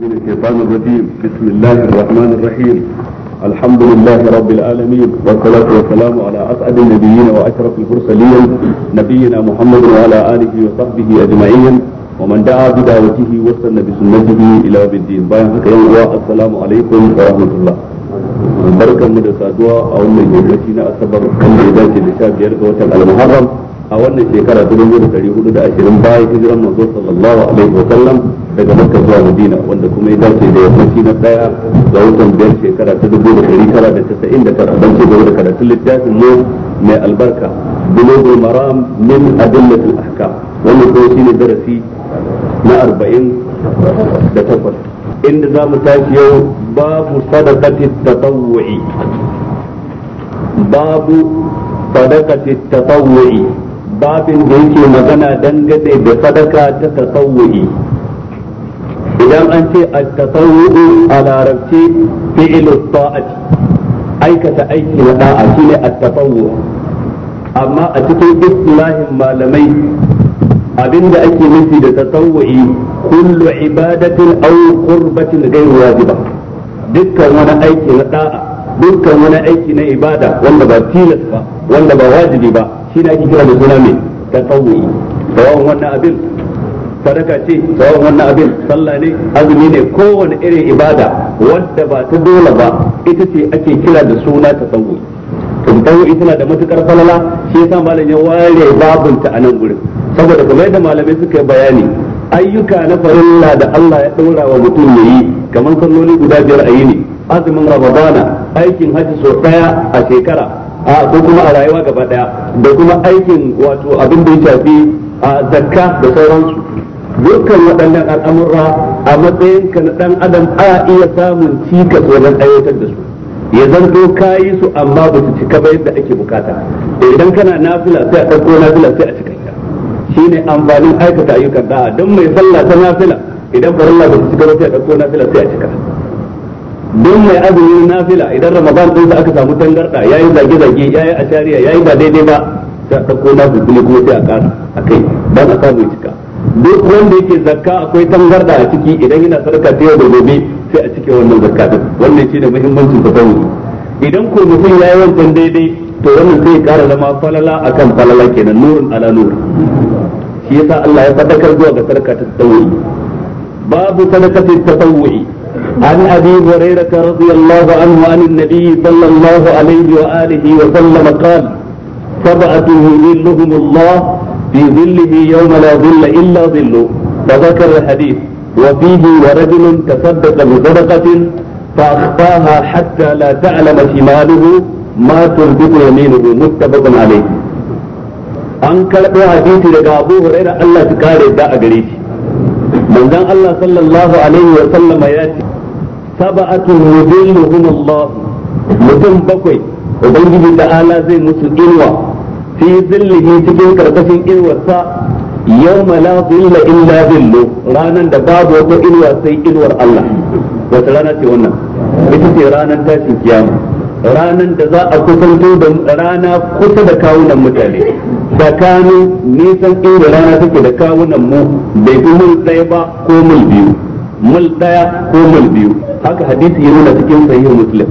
من الشيطان الرجيم بسم الله الرحمن الرحيم الحمد لله رب العالمين والصلاة والسلام على أسعد النبيين وأشرف المرسلين نبينا محمد وعلى آله وصحبه أجمعين ومن دعا بدعوته وسن بسنته إلى يوم الدين بايعك السلام عليكم ورحمة الله barkan mu da saduwa a wannan yammaci na asabar wanda ya dace da sha biyar ga watan almuharram a wannan shekara dubu biyu da ɗari hudu daga makka zuwa madina wanda kuma ya dace da yammaci na daya ga watan biyar shekara ta dubu da dari tara da casa'in da tara don cigaba da karatun littafin mu mai albarka bulugul maram min adillatul ahkam wannan kuma shine darasi na arba'in da takwas inda za mu tashi yau babu sadaqati tatawwu'i babu sadaqati tatawwu'i babin da yake magana dangane da sadaka ta tatawwu'i idan an ce a tasawwu a larabci fi'lu ta'ati aikata aiki na da'a shine a tasawwu amma a cikin islahin malamai abinda ake nufi da tasawwu'i kullu ibadatin aw qurbatin ghayr wajiba dukkan wani aiki na da'a dukkan wani aiki na ibada wanda ba tilas ba wanda ba wajibi ba shine ake kira da suna mai tasawwu'i sawan wannan abin sadaka ce tsawon wannan abin sallah ne azumi ne kowane irin ibada wadda ba ta dole ba ita ce ake kira da suna ta tsawo tsawo na da matukar falala shi yasa malam ya ware babunta a nan gurin saboda kamar yadda malamai suka yi bayani ayyuka na farilla da Allah ya ɗora wa mutum yi, kamar salloli guda biyar a yi yini azumin ramadana aikin hajji sau daya a shekara a ko kuma a rayuwa gaba ɗaya da kuma aikin wato abin da ya shafi a zakka da sauransu dukkan waɗannan al'amurra a matsayin ka na ɗan adam a iya samun cikas wajen ayyukan da su ya zanto ka yi su amma ba su cika ba yadda ake bukata idan kana nafila sai a ɗauko nafila sai a cika shi ne amfanin aikata ayyukan da'a don mai sallah ta nafila idan farilla ba su cika ba sai a ɗauko nafila sai a cika don mai azumi nafila idan ramadan ɗin sa aka samu ya yayi zage zage yayi ashariya yayi ba daidai ba sai a ɗauko nafila kuma sai a ƙara kai dan a samu cika duk wanda yake zakka akwai tangarda a ciki idan yana sadaka ta yau da gobe sai a cikin wannan zakka din wannan shine muhimmancin tasawuri idan ko mutum yi wancan daidai to wannan sai ya kara zama falala akan falala kenan nurun ala nur shi yasa Allah ya sadakar zuwa ga sadaka ta tasawuri babu sadaka ta tasawuri عن ابي هريره رضي الله عنه عن النبي صلى الله عليه واله وسلم قال سبعه يذلهم الله في ظله يوم لا ظل إلا ظله فذكر الحديث وفيه ورجل تصدق بصدقة فأخفاها حتى لا تعلم شماله ما تنفق يمينه متفق عليه an karɓo hadisi daga Abu Hurairah Allah ta kare da a gare shi manzon Allah sallallahu alaihi wa sallama ya ce sab'atun yudilluhum Allah mutum bakwai ubangiji ta'ala zai musu inuwa fi zillihi cikin karkashin inuwarsa yawma la zilla illa zillu Ranar da babu wata inuwa sai inuwar Allah wata rana ce wannan ita ce ranan tashin kiyama Ranar da za a kusanto da rana kusa da kawunan mutane tsakanin nisan inda rana take da kawunan mu bai fi mul ɗaya ba ko mul biyu mul ɗaya ko mul biyu haka hadisi ya nuna cikin sahihin muslim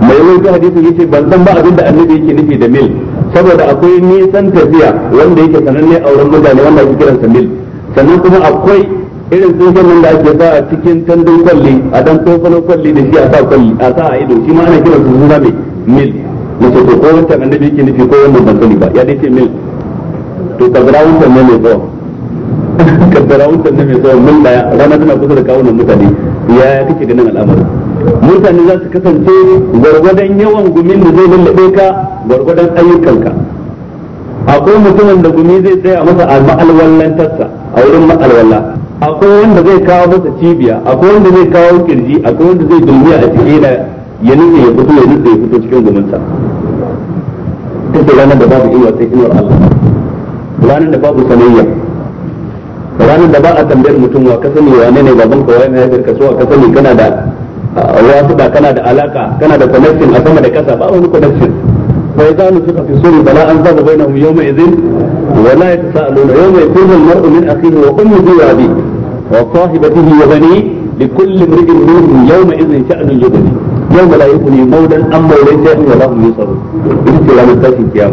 mai wani hadisi ce ban san ba abinda annabi yake nufi da mil saboda akwai nisan tafiya wanda yake sananne a wurin mutane wanda ake kiran sandil mil sannan kuma akwai irin tsohon nan da ake sa a cikin tandun kwalli a dan tsofano kwalli da shi a sa kwalli a sa a ido shi ma ana kiran su zabe mai mil na to ko wancan annabi yake nufi ko wannan ban sani ba ya dai ce mil to kaddara wutan ne mai tsawon kaddara wancan ne mai tsawon mil daya rana tana kusa da kawunan mutane ya kake ganin al'amari mutane za su kasance gwargwadon yawan gumin da zai lallabe ka gwargwadon ayyukanka akwai mutumin da gumi zai tsaya masa a ma'alwallantarsa a wurin ma'alwalla akwai wanda zai kawo masa cibiya akwai wanda zai kawo kirji akwai wanda zai dulmiya a cikin da ya nutse ya fito ya nutse ya fito cikin guminsa take ranar da babu inuwa sai inuwar Allah ranar da babu sanayya ranar da ba a tambayar mutum wa ka sani wane ne baban ka wane ne ka so ka sani kana da wasu da kana da alaka kana da connection a sama da kasa ba wani connection bai za mu suka fi suri bala an zaba bainahum yawma idhin wa la yatasaaluna yawma yafiru al-mar'u min akhihi wa ummihi wa abi wa sahibatihi wa bani لكل امرئ منهم يومئذ شأن يغني يوم لا يغني مولا عن مولا شيئا wa هم ينصرون. إنت لا نستشهد يا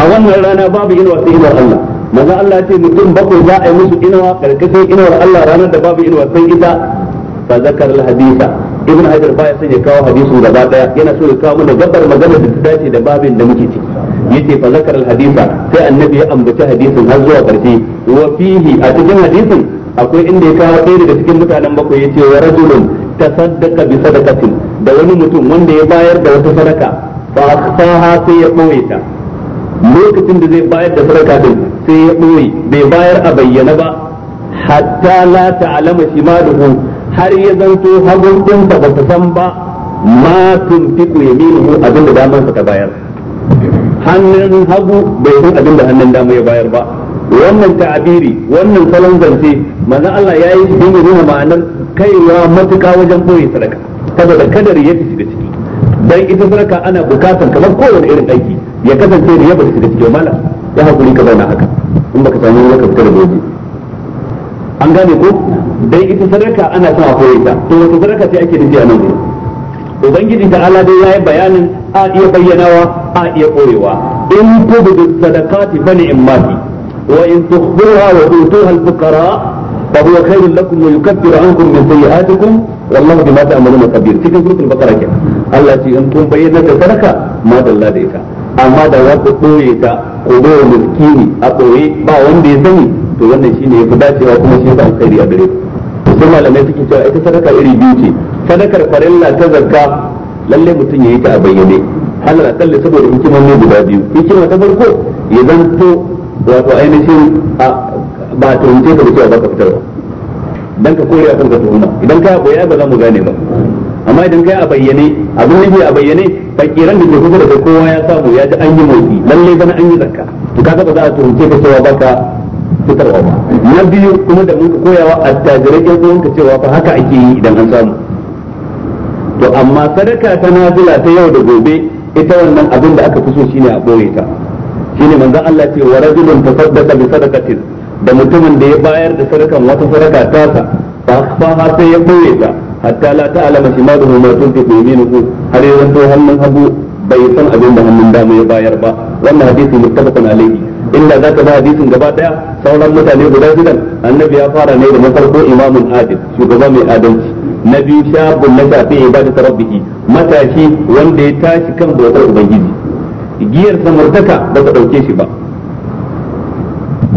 أولا رانا باب إن وسيلة Allah manzo Allah ya ce mutum bakwai za a yi musu inuwa karkashin inuwar Allah ranar da babu inuwa sai ita fa zakar al hadisa ibn hajar baya son ya kawo hadisin gaba daya yana so ya kawo mana gabar magana da ta dace da babin da muke ciki yace fa zakar al hadisa sai annabi ya ambaci hadisin har zuwa karshe wa fihi a cikin hadisin akwai inda ya kawo ɗaya daga cikin mutanen bakwai yace wa rajulun tasaddaqa bi sadaqatin da wani mutum wanda ya bayar da wata sadaka fa akhfaha sai ya ɓoye ta lokacin da zai bayar da sadaka din sai ya ɓoye bai bayar a bayyana ba hatta la ta'lama shimaluhu har ya zanto hagun ɗin ba ta san ba ma tunfiqu yaminuhu abin da damansa ta bayar hannun hagu bai san abin da hannun dama ya bayar ba wannan ta'abiri wannan salon zance manzo Allah ya yi don nuna ma'anar kaiwa matuka wajen ɓoye sadaka saboda kadar ya fi da ciki dan ita sadaka ana bukatar kamar kowane irin aiki ya kasance da ya baka shiga cikin mala ya hakuri ka zauna haka in baka samu wani ka fita da gobe an gane ko dai ita sadaka ana son a koyi ta to wata sadaka sai ake nufi a nan gurin ubangiji ta ala dai yayi bayanin a iya bayyanawa a iya koyewa in tubdu sadaqati fa ni'mati wa in tukhfuha wa tutuha al-fuqara fa huwa khairun lakum wa yukaffiru ankum min sayyi'atikum wallahu bima ta'maluna kabir cikin suratul baqara kenan Allah ce in kun bayyana da sadaka ma dalla da ita amma da za ku ta ko bai wa ne a ɓoye ba wanda ya sani to wannan shine ya fi dacewa kuma shi yasa alkhairi a gare ku sai malamai suke cewa ita sadaka iri biyu ce sadakar farilla ta zakka lalle mutum ya yi ta a bayyane halar akalli saboda ne guda biyu hikima ta farko ya zanto wato ainihin a ba ta wuce ka da cewa ba ka fitarwa dan ka kore a kan ka tuhuma idan ka boye ba za mu gane ba amma idan kai a bayyane abin nufi a bayyane fakiran da ke kusa da kowa ya samu ya ji an yi motsi lalle bana an yi zakka to kaga ba za a tuhumce ka cewa baka fitarwa ba na biyu kuma da muka koyawa attajirai yan ka cewa fa haka ake yi idan an samu to amma sadaka ta nazila ta yau da gobe ita wannan abin da aka fi so shine a boye ta shine manzon Allah ce wa rajulun tasaddaqa bi sadaqatin da mutumin da ya bayar da sadakan wata sadaka ta sa ha sai ya boye ta hatta la ta'lama shimaluhu ma tunfiqu yaminuhu har yanzu hannun hagu bai san abin da hannun dama ya bayar ba wannan hadisi muttafaqun alayhi inda za ka ba hadisin gaba daya sauran mutane guda shidan annabi ya fara ne da mafarko farko imamul adil shugaba mai adalci na biyu shabun na shafi ibadatu matashi wanda ya tashi kan bautar ubangiji giyar samartaka ba ta dauke shi ba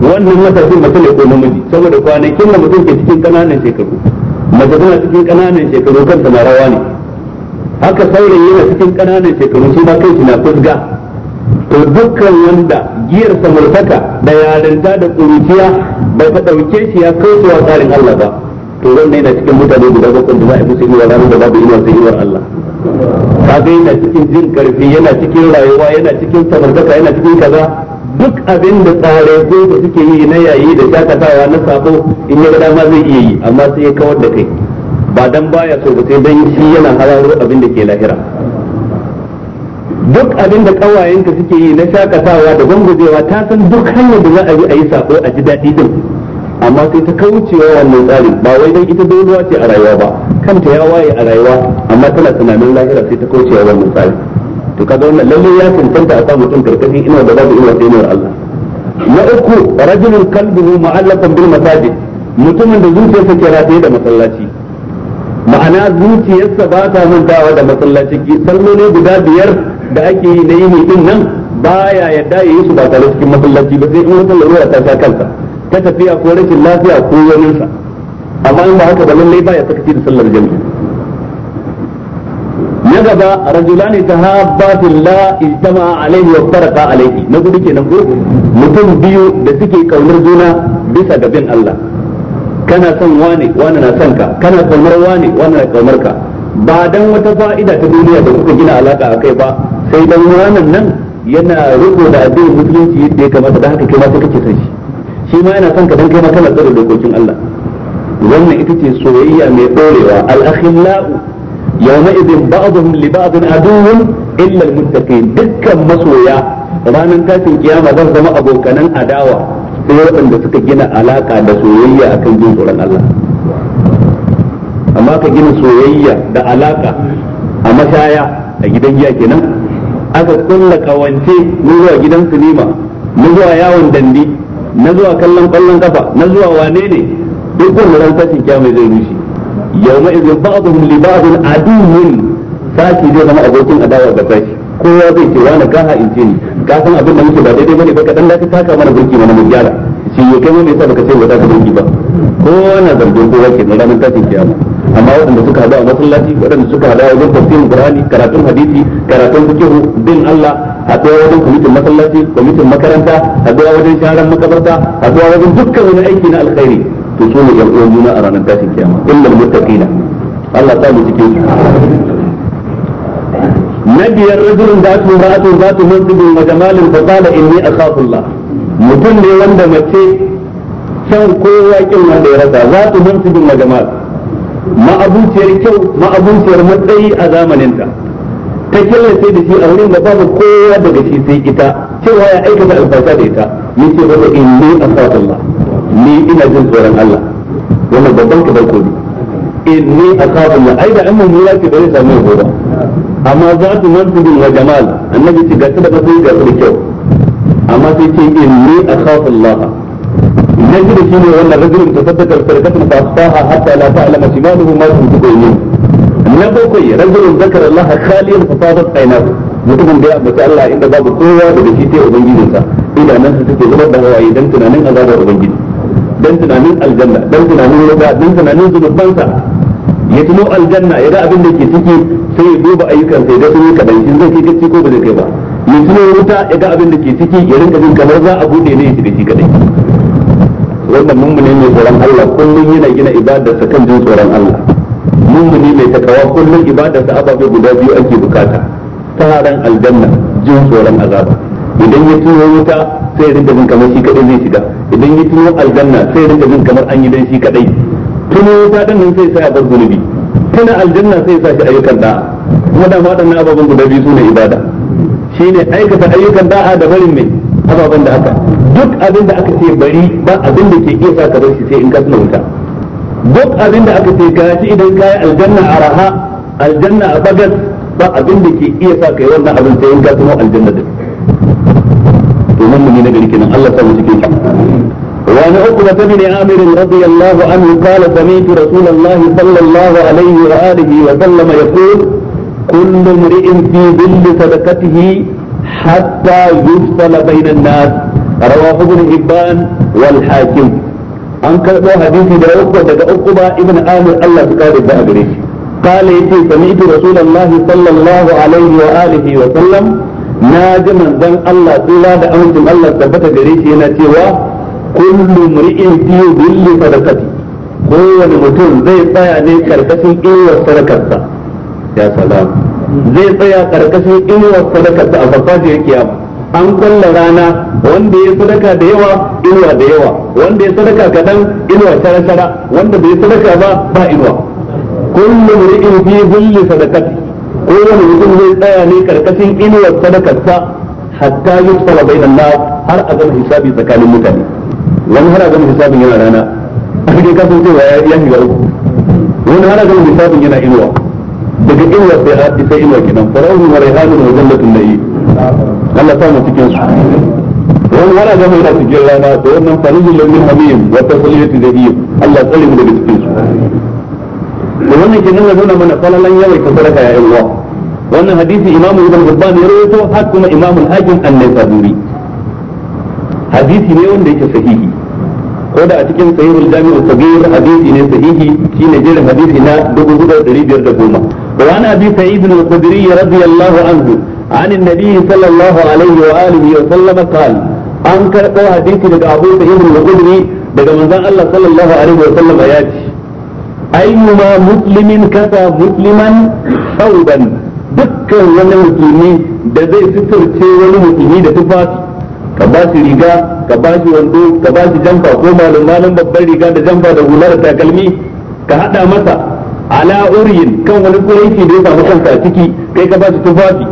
wannan matashin mace ne ko namiji saboda kwanakin da mutum ke cikin kananan shekaru mace tana cikin kananan shekaru kanta na rawa ne haka saurayi yana cikin kananan shekaru shi ba kai shi na fusga to dukkan wanda giyar samartaka da yarinta da kuruciya bai ta dauke shi ya kaucewa tsarin Allah ba to wannan yana cikin mutane guda bakwai da za a yi musu inuwa ranar da babu inuwa sai inuwar Allah kaga yana cikin jin karfi yana cikin rayuwa yana cikin samartaka yana cikin kaza duk abin da tsare ko da suke yi na yayi da shakatawa na sako in ya dama zai iya yi amma sai ya kawar da kai ba dan baya so ba sai dan shi yana hararru abin da ke lahira duk abin da kawayenka suke yi na shakatawa da gwangwajewa ta san duk hanyar da za a yi a yi sako a ji daɗi din amma sai ta kaucewa wannan tsari ba wai dan ita doluwa ce a rayuwa ba kanta ya waye a rayuwa amma tana tunanin lahira sai ta kaucewa wannan tsari to kaga wannan lalle ya cancanta a sa mutum karkashin ina da babu ina sai ne Allah na uku rajulun qalbuhu ma'allafan bil masajid mutumin da zuciyarsa ke rataye da masallaci ma'ana zuciyarsa ba ta mantawa da masallaci sallolin guda biyar da ake yi na yini din nan baya yadda yayi su ba tare cikin masallaci ba sai in wata larura ta sa kansa ta tafiya ko rashin lafiya ko wani sa amma in ba haka ba lallai sakaci da sallar jami'i na gaba rajulani tahabba fillah ijtama alaihi mutum biyu da suke kaunar juna bisa ga bin Allah kana son wane wane na son ka kana kaunar wane wane na kaunar ka ba dan wata fa'ida ta duniya da kuka gina alaka a kai ba sai dan wannan nan yana riko da addinin musulunci yadda ya kamata da haka kai ma sai kake son shi shi ma yana son ka dan kai ma kana da dokokin Allah wannan ita ce soyayya mai dorewa al-akhillau yawma idin ba'dhum li ba'dhin aduwwun illa almuttaqin dukkan masoya ranar tashin kiyama zan zama abokanan adawa sai waɗanda suka gina alaka da soyayya akan jin tsoron Allah amma ka gina soyayya da alaka a mashaya a gidan giya kenan aka tsalla kawance na zuwa gidan sinima na zuwa yawon dandi na zuwa kallon kwallon kafa na zuwa wane ne duk wannan ran tashin kiyama zai rushe yawma idin ba'dhum li ba'dhin aduwwun sashi zai zama abokin adawa ga sashi kowa zai ce wani gaha in ce ni ka san abin da muke ba daidai bane ba ka da ka taka mana burki mana mun gyara shi ya kai ne yasa baka ce ba za ka burki ba kowa na zargin kowa ke nan ranar tashin kiyama amma waɗanda suka hada a masallaci waɗanda suka hada wajen tafsirin qur'ani karatun hadisi karatun fikihu bin Allah a haɗuwa wajen kwamitin masallaci kwamitin makaranta a haɗuwa wajen sharan makabarta haɗuwa wajen dukkan wani aiki na alkhairi to su ne yan uwan juna a ranar tashin kiyama illa muttaqina Allah ta mu cikin su na biyar rajulun da su su za su mansubin wa jamalin fa qala inni akhafu Allah mutum ne wanda mace san kowa kin wanda ya rasa za su mansubin wa jamal ma'abunciyar kyau ma'abunciyar matsayi a zamaninta ta killace da shi a wurin da babu kowa daga shi sai ita cewa ya aikata alfasa da ita yace ba inni akhafu Allah ni ina jin tsoron Allah wannan babban kabar kodi inni akhafu la aida an mun ya ce bare samu gobe amma zatu mansubin wa jamal annabi ce ga da sai ga da kyau amma sai ce in inni akhafu Allah yanzu da shi ne wannan rajulun tasaddaqal farqatan fa asbaha hatta la ta'lama shimaluhu ma tunfiqu ne. na bakwai rajulun zakara Allah khaliyan fa fadat aynahu mutumin da ya ambaci Allah inda babu kowa da shi sai ubangijinsa idanansa suke zubar da hawaye dan tunanin azabar ubangiji dan tunanin aljanna dan tunanin ruba dan tunanin zunubansa ya tuno aljanna ya ga abin da ke ciki sai ya duba ayyukan sai da sunan yi kadan shin zai kai gaci ko ba zai kai ba ya tuno wuta ya ga abin da ke ciki ya rinka jin kamar za a bude ne ya shiga shi kadai wannan mummune mai tsoron Allah kullum yana gina ibadarsa kan jin tsoron Allah mummuni mai takawa kullum ibadarsa ababe guda biyu ake bukata taron aljanna jin tsoron azaba idan ya tuno wuta sai rinka jin kamar shi kadai zai shiga idan yi tuno aljanna sai ya rinka jin kamar an yi dan shi kadai tuno ta dan nan sai ya a bar zunubi tuna aljanna sai sa shi ayyukan da'a kuma da waɗannan ababen guda biyu sune ibada shine aikata ayyukan da'a da barin mai ababen da aka duk abin da aka ce bari ba abin da ke iya sa ka bar shi sai in ka tuna wuta duk abin da aka ce gashi idan ka yi aljanna a raha aljanna a bagas ba abin da ke iya sa ka yi wannan abin sai in ka tuna aljanna din domin mu wani uku da sami ne amirin radiyallahu anhu kala samitu rasulallahi sallallahu alaihi wa alihi wa sallama ya ku kullu mri'in fi dhilli sadaqatihi hatta yusala bainan nas rawahu ibn hibban wal hakim an karbo hadisi da uku daga uku ibn amir Allah suka da gare shi قال يتي سمعت رسول الله صلى الله عليه وآله na ji manzon Allah tsira da amincin Allah tabbata gare shi yana cewa kullu mri'in fi dhilli sadaqati kowane mutum zai tsaya ne karkashin inuwar sadakarsa ya salam zai tsaya karkashin inuwar sadakarsa a farfajiyar kiyama an kulla rana wanda ya sadaka da yawa inuwa da yawa wanda ya sadaka kadan inuwa shara shara wanda bai sadaka ba ba inuwa kullu mri'in fi dhilli sadaqati ko wani mutum zai tsaya ne karkashin inuwar sadakarsa hatta yusfara bainan nas har a gama hisabi tsakanin mutane wani har a gama hisabin yana rana a cikin kasan cewa ya ya shiga uku wani har a gama hisabin yana inuwa daga inuwar sai har sai inuwa kenan fara'un wa rayhanun wa jannatun na'i Allah samu cikin su wani wani da mai cikin rana da wannan farin lullun hamim wata kuliyar da yi Allah tsare mu daga cikin su wannan ke nuna nuna mana falalan yawaita sadaka ya yan uwa wannan hadisi imamu ibn hibban ya rawaito har kuma imamu hakim an-naisaburi hadisi ne wanda yake sahihi ko da a cikin sahihul jami'u sabir hadisi ne sahihi shine jerin hadisi na 4510 wa ana abi sa'id al-khudri radiyallahu anhu عن النبي صلى الله عليه وآله وسلم قال أنكر حديث لك أبو سعيد الخدري daga manzon Allah sallallahu alaihi wa sallam ya ce ayyuma muslimin kasa musliman sauban dukkan wani musulmi da zai suturce wani musulmi da tufafi ka ba shi riga ka ba shi wando ka ba shi jamfa ko malam malam babbar riga da jamfa da hular takalmi ka hada masa ala uriyin kan wani kuraici da ya samu kansa a ciki kai ka ba shi tufafi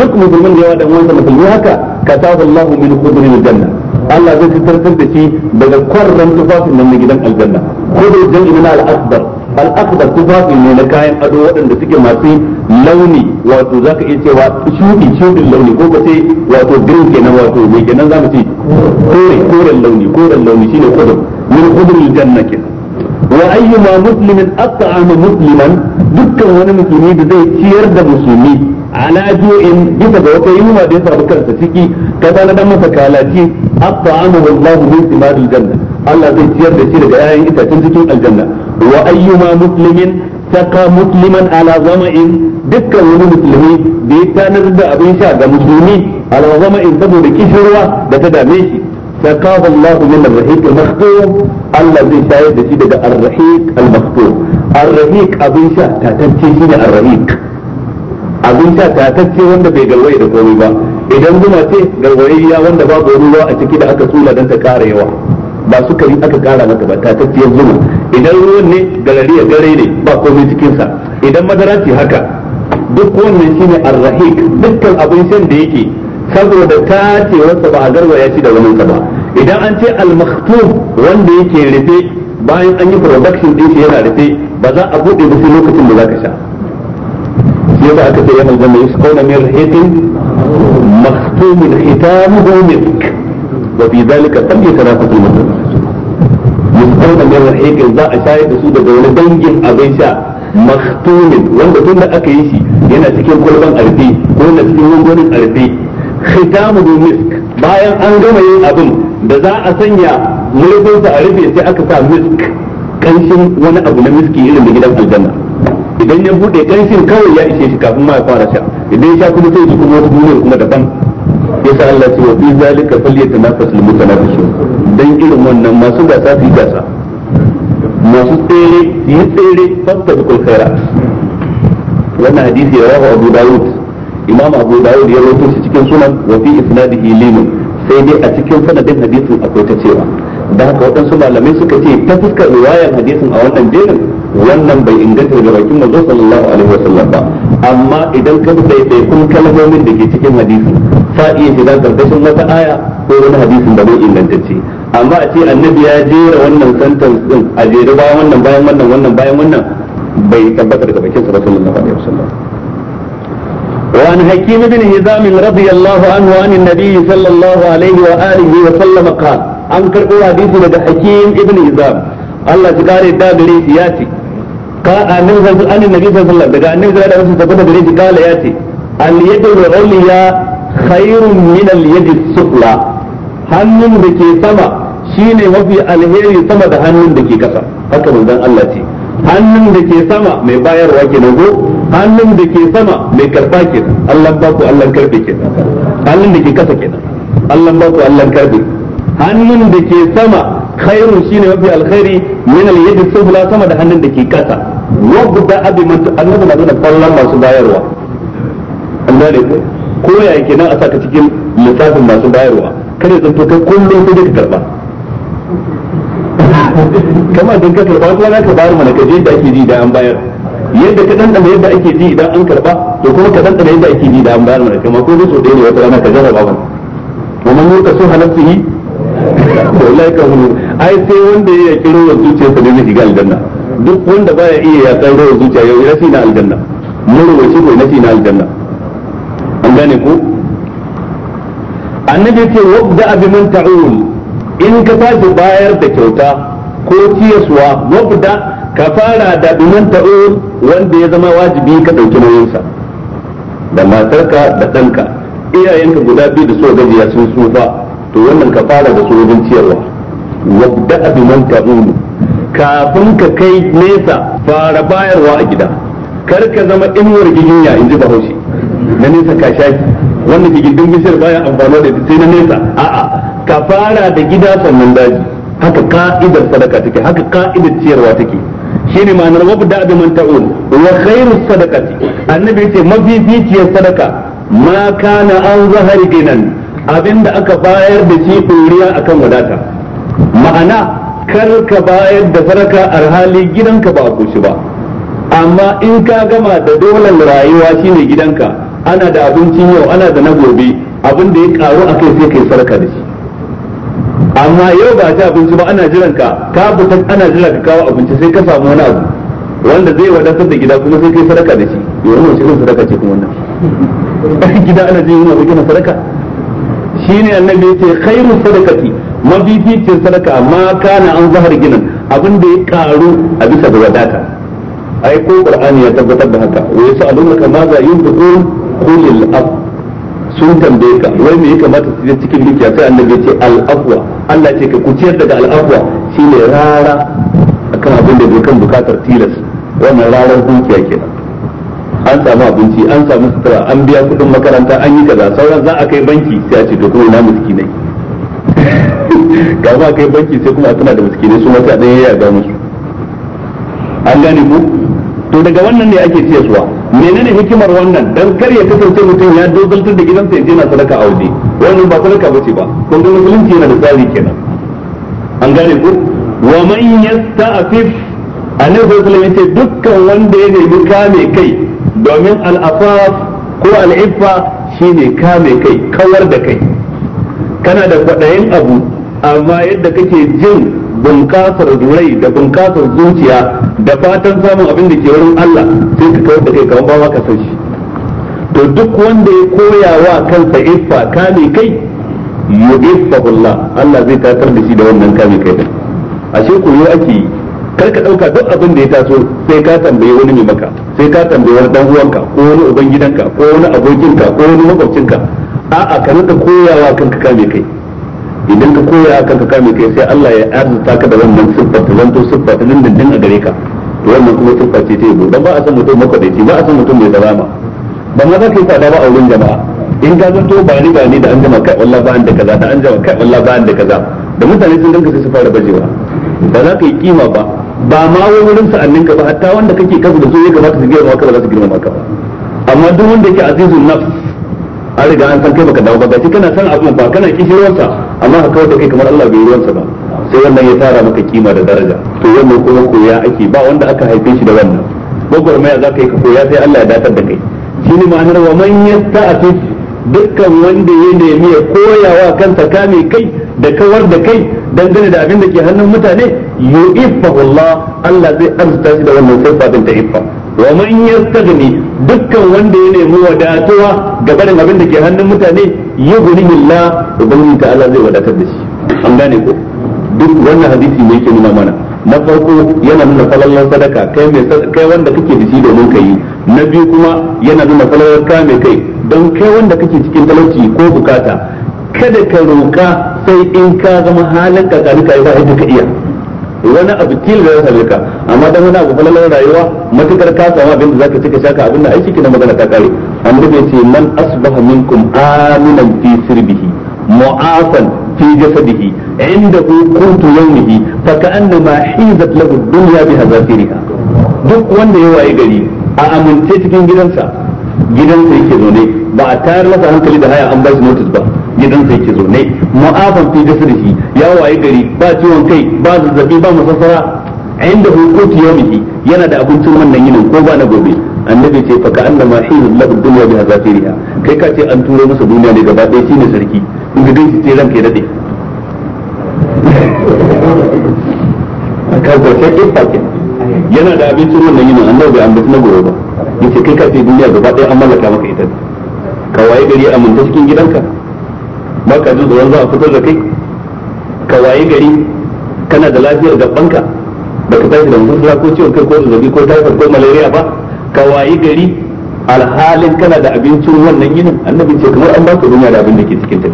duk musulmin da yawa dan wansa musulmi haka ka tafi Allah min khudrin janna Allah zai fitar da shi daga kwarran tufafin nan na gidan aljanna ko da janna al-akbar al'akbar tufafi ne na kayan ado waɗanda suke masu launi wato za ka iya cewa shuɗi shuɗin launi ko kace wato green kenan wato me kenan za mu ce kore koren launi koren launi shine kudur min kudurul janna kenan wa ayyuma muslimin at'ama musliman dukkan wani musulmi da zai ciyar da musulmi ala ju'in bisa ga wata yunwa da ya samu kansa ciki ka tana da masa kalaci at'ama wallahu min simadil janna Allah zai ciyar da shi daga 'ya'yan itacen cikin aljanna wa ayyuma muslimin saka musliman ala zama'in dukkan wani musulmi da ya tanar da abin sha ga musulmi ala zama'in saboda kishirwa da ta dame shi sakahu Allah min ar-rahiq al-makhtum Allah zai shayar da shi daga ar-rahiq al-makhtum ar-rahiq abin sha ta tatacce shi ne ar-rahiq abin sha ta tatacce wanda bai garwaye da komai ba idan kuma ce garwaye wanda babu ruwa a ciki da aka tsula don ta kara yawa ba yi aka kara mata ba tatacciyar zuma idan ruwan ne galari ya gare ne ba komai cikinsa idan madara ce haka duk wannan shine arrahik dukkan abin shan da yake saboda ta ce tacewarsa ba a ya ci da waninsa ba idan an ce al-maktum wanda yake rufe bayan an yi production din shi yana rufe ba za a bude ba sai lokacin da zaka sha shi yasa aka ce yana zama yusqawna min rahiqin maktumin hitamuhu misk وفي ذلك فليتنافس المتنافسون يسقون من رحيق za a shayar da su daga wani dangin abin sha maktumin wanda tun da aka yi shi yana cikin kwalban arfi ko na cikin rungunin arfi khitamu misk bayan an gama yin abin da za a sanya mulkin a rufe sai aka sa misk kanshin wani abu na miski irin da gidan aljanna idan ya bude kanshin kawai ya ishe shi kafin ma ya fara sha idan ya sha kuma sai ji kuma wata duniyar kuma daban yasa Allah ce wa fi zalika falyatanafasul mutanafisun dan irin wannan masu gasa gasa masu tsere yi tsere fastabiqul khairat wannan hadisi ya rawa Abu Dawud Imam Abu Dawud ya rawaito shi cikin sunan wa fi isnadihi sai dai a cikin sanadin hadisin akwai ta cewa da haka waɗansu malamai suka ce ta fuskar riwayar hadisin a wannan jerin wannan bai inganta daga bakin manzo sallallahu alaihi wasallam ba amma idan ka ɗaiɗaikun kalmomin da ke cikin hadisi ta iya shiga karkashin wata aya ko wani hadisin da bai ingantacce amma a ce annabi ya jera wannan sentence din a jere bayan wannan bayan wannan wannan bayan wannan bai tabbata daga bakin sa sallallahu alaihi wasallam وعن حكيم بن هزام رضي الله عنه عن النبي صلى الله عليه وآله وسلم قال أنكر حديث لدى حكيم بن هزام الله تقال الدابري سياتي قال النبي صلى الله عليه وسلم النبي صلى الله عليه وسلم قال ياتي اليد العليا خير من اليد السفلى hannun da ke sama shine mafi alheri sama da hannun da ke kasa haka manzon Allah ce hannun da ke sama mai bayarwa kenan ko hannun da ke sama mai karba kenan Allah baku Allah karbe kenan hannun da ke kasa kenan Allah ba Allah karbe hannun da ke sama khairu shine mafi alheri sufla sama da hannun da ke kasa da abin man annabi na nuna kallon masu bayarwa Allah ne ko ya kenan a saka cikin littafin masu bayarwa kada zan to kai kullum sai ka karba kamar don ka karba kuma za ka bayar mana kaje da ake ji da an bayar yadda ka dandana yadda ake ji idan an karba to kuma ka dandana yadda ake ji da an bayar mana kuma ko so ɗaya ne wata rana ka jarraba mana wannan yau ka so halatta yi wallahi ka hulu ai sai wanda ya kiro wa zuciyarsa ne zai shiga aljanna duk wanda baya iya ya san rawar zuciya yau ina na aljanna murwaci ko ina na aljanna an gane ku annabi ce wabda abi man ta'ul in ka tashi bayar da kyauta ko ciyaswa wabda ka fara da man ta'ul wanda ya zama wajibi ka dauki sa da matarka da ɗanka iyayenka guda biyu da suka gajiya sun tsufa to wannan ka fara da su wajen ciyarwa wabda abi man ta'ul kafin ka kai nesa fara bayarwa a gida kar ka zama inuwar giginya in ji bahaushe na nesa ka shaki wanda ke gindin bishiyar baya amfano da sai na nesa a'a ka fara da gida sannan daji haka ka'idar sadaka take haka ka'idar ciyarwa take ne ma'anar wabu da man ta'un wa khairu sadaqati annabi ce mafificiyar sadaka ma kana an zahari ginan abinda aka bayar da shi ɗoriya akan wadata ma'ana kar ka bayar da sadaka alhali gidanka ba ku ba amma in ka gama da dolan rayuwa shine gidanka ana da abincin yau ana da na gobe abin da ya karu a kai sai kai faraka da shi amma yau ba ta abinci ba ana jiran ka ka fita ana jira ka kawo abinci sai ka samu wani abu wanda zai wadatar da gida kuma sai kai faraka da shi yau wannan shi sadaka ce kuma wannan gida ana jin yunwa bikin kana Shi shine annabi ya yace khairu sadaqati mafificin sadaka ma kana an zahar ginin abin da ya karu a bisa da wadata ai ko qur'ani ya tabbatar da haka wa yasalunaka ma za yunfiqun kulil al sun tambaye ka wai me ya kamata su je cikin dukiya sai annabi ya ce al-afwa Allah ce ka kuciyar daga al-afwa shine rara akan abin da bai kan bukatar tilas wannan rarar dukiya kenan an samu abinci an samu sutura an biya kudin makaranta an yi kaza sauran za a kai banki sai a ce to kuma ina ne. ga ma kai banki sai kuma a tana da miskinai su wata ɗaya ya ga su an gane ku to daga wannan ne ake ce suwa menene hikimar wannan dan kar ya kasance mutum ya dogaltar da gidansa ya je na sadaka a waje wannan ba sadaka ce ba kun ga musulunci yana da tsari kenan an gane ku wa man yasta'fif annabi sallallahu alaihi wasallam dukkan wanda ya nemi kame kai domin al'afaf ko al'iffa shine kame kai kawar da kai kana da kwaɗayin abu amma yadda kake jin bunƙasar rai da bunƙasar zuciya da fatan samun abin da ke wurin Allah sai ka kawar da kai kamar ba ka san shi to duk wanda ya koya wa kansa iffa kame kai yu'iffahullah Allah zai tatar da shi da wannan kame kai din ashe koyo ake yi kar ka dauka duk abin da ya taso sai ka tambaye wani mai maka sai ka tambaye wani dan uwanka ko wani ubangidanka ko wani abokinka ko wani makwabcinka a'a ka koya koyawa kanka kame kai idan ka koya akan ka kame kai sai Allah ya arzuta ka da wannan siffa ta zanto siffa ta dindindin a gare ka to wannan kuma siffa ce ta yabo dan ba a san mutum makwadaici ba a san mutum mai salama ba ma za ka yi fada ba a wurin jama'a in ka zanto ba ni ba ni da an jama kai Allah ba an da kaza da an jama kai Allah ba an da kaza da mutane sun danka sai su fara bajewa ba za ka yi kima ba ba ma wai wurin sa'annin ka ba hatta wanda kake kasu da su ya kamata su girma ka ba za su girma ka ba amma duk wanda yake azizun nafs a riga an san kai baka dawo ba gashi kana san abun ba kana kishirwarsa amma a kawai da kai kamar Allah bai ruwansa ba sai wannan ya tara maka kima da daraja to wannan kuma koya ake ba wanda aka haife shi da wannan gogor mai za ka yi ka koya sai Allah ya datar da kai shi ne ma'anar wa man yasta'atif dukkan wanda ya nemi ya koyawa kansa kame kai da kawar da kai dangane da abin da ke hannun mutane yu'iffahu Allah Allah zai arzuta shi da wannan sifa ta iffa wa man yastaghni dukkan wanda ya nemi wadatuwa gabanin abin da ke hannun mutane yughnihi Allah ubangiji ta Allah zai wadatar da shi an gane ko duk wannan hadisi ne yake nuna mana na farko yana nuna falalar sadaka kai wanda kake da shi domin kai na biyu kuma yana nuna falalar ka mai kai don kai wanda kake cikin talauci ko bukata kada ka roka sai in ka zama halin ka ka ka yi ka iya wani abu kila ya ya ka amma don wani abu falalar rayuwa matukar ka samu abin da zaka cika shaka abin da aiki kina magana ta kare annabi ya ce man asbaha minkum aminan fi sirbihi mu'afan fi jasadihi indahu kuntu yawmihi fa ka'annama hizat lahu dunya bi hazafiriha duk wanda ya waye gari a amince cikin gidansa gidansa yake zaune ba a tayar masa hankali da haya an ba shi notice ba gidansa yake zaune mu'afan fi jasadihi ya waye gari ba ciwon kai ba zazzabi ba masassara inda kuntu yawmihi yana da abincin wannan yinin ko ba na gobe annabi ce fa ka annama hilul lahu dunya bi hazafiriha kai ka ce an turo masa duniya ne gaba ɗaya shine sarki in ga dinki ce ranka ya dade aka gwace kifa ke yana da abincin nan yana annabi an bata na gobe ba yace kai ka ce duniya gaba ɗaya an mallaka maka ita ka waye gari a mun cikin gidanka ba ka jin tsoron za a fitar da kai ka waye gari kana da lafiyar gabanka ba ka tashi da mutum ko ciwon kai ko zazzabi ko typhoid ko malaria ba ka wayi gari alhalin kana da abincin wannan yinin annabi ce kamar an ba ka duniya da abin da ke cikin ta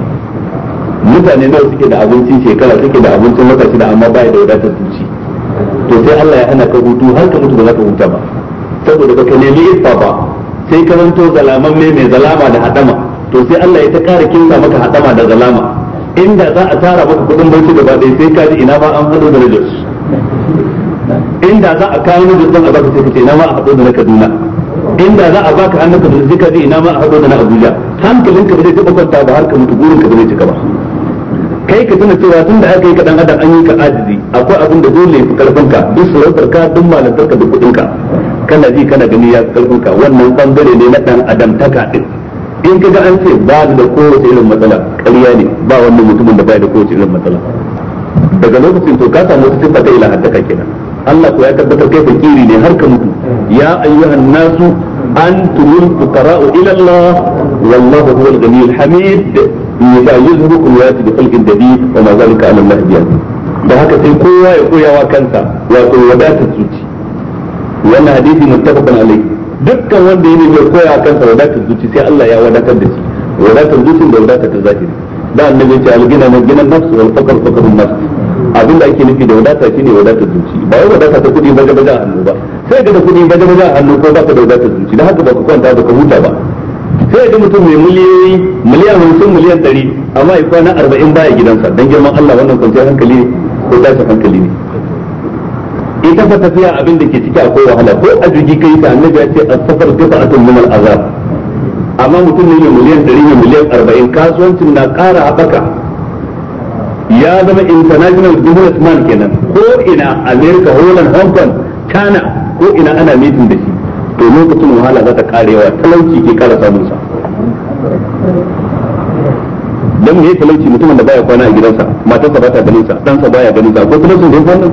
mutane nawa suke da abincin shekara suke da abincin wata shida amma ba da wadatar zuci to sai Allah ya hana ka hutu har ka mutu ba za ka huta ba saboda ba ka nemi ifa ba sai ka zanto zalaman mai mai zalama da hadama to sai Allah ya ta kara kinsa maka hadama da zalama inda za a tara maka kudin bauchi gaba ɗaya sai ka ji ina ba an hado da rajas inda za a kawo ni din a baka sai kace na ma a hado da na Kaduna inda za a baka hannun ka zai ina ma a hado da na Abuja hankalin ka zai taba kwanta ba har ka mutu gurin ka ba zai cika ba kai ka tuna cewa tunda da aka yi ka dan adam an yi ka ajizi akwai abin da dole ka karfin ka duk sarautar ka duk malantar ka duk kudin ka kana ji kana gani ya karfin ka wannan bangare ne na dan adam taka din in ka ga an ce ba da kowace irin matsala ƙarya ne ba wannan mutumin da ba da kowace irin matsala daga lokacin to ka samu wata sifa ta ilaha ta kenan Allah ko ya tabbatar kai fakiri ne har ka mutu ya ayyuhan nasu antumul fuqara'u ila Allah wallahu huwal ghaniyul hamid yuzhibukum yati bi khalqin jadid wa ma zalika ala Allah bi'aziz da haka sai kowa ya koya wa kansa wato wadatar zuci wannan hadisi muttafaqun alayhi dukkan wanda yake bai koya kansa wadatar zuci sai Allah ya wadatar da shi wadatar zuci da wadatar ta zahiri da annabi ya ce algina na gina nafs wal faqr faqrun nafs abinda ake nufi da wadata shine wadata zuci ba wai wadata ta kudi baje baje a hannu ba sai da kudi baje baje a hannu ko baka da wadata zuci da haka ba ku kwanta ba ka huta ba sai da mutum mai miliyoyi miliyan hamsin miliyan 100 amma ya kwana arba'in baya gidansa dan girman Allah wannan kwanciyar hankali ko tashin hankali ne ita fa tafiya abin da ke ciki akwai wahala ko a jirgi kai ta annabi ya ce a safar ta qita'atun tun al-azab amma mutum ne miliyan 100 ne miliyan arba'in kasuwancin na ƙara haɓaka ya zama international business man kenan ko ina america holland hong kong china ko ina ana mitin da shi to lokacin wahala za ta karewa talauci ke kara samun sa dan me talauci mutumin da baya kwana a gidansa matarsa ba ta ganin sa dan sa baya ganin sa ko talaucin da wannan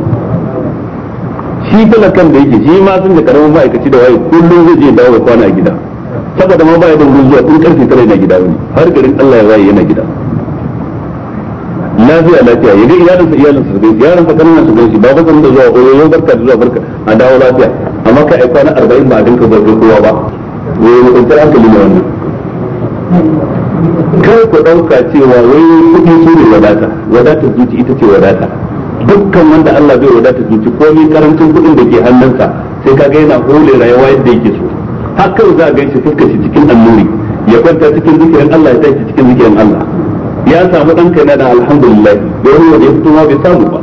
shi talakan da yake shi ma sun da karamin ma'aikaci da waye kullum zai je dawo da kwana a gida saboda ma baya da ruwa zuwa tun karfe tara yana gida ne har garin Allah ya waye yana gida lafiya lafiya ya ga iyalinsa iyalinsa su gaishe yaran sa kanan su gaishe ba kusan da zuwa koyo yau barka da zuwa barka a dawo lafiya amma ka aika na arba'in ba a dinka zai kowa ba wai mutuntar hankali ne wannan kai ku ɗauka cewa wai kuɗi su ne wadata wadata zuci ita ce wadata dukkan wanda Allah bai wadata zuci komai karancin kuɗin da ke hannunsa sai ka ga yana hole rayuwa yadda yake so hakan za a gaishe fuskar shi cikin annuri ya kwanta cikin zikirin Allah ya tashi cikin zikirin Allah ya samu dan kai da alhamdulillah da wani waje fito ma bai samu ba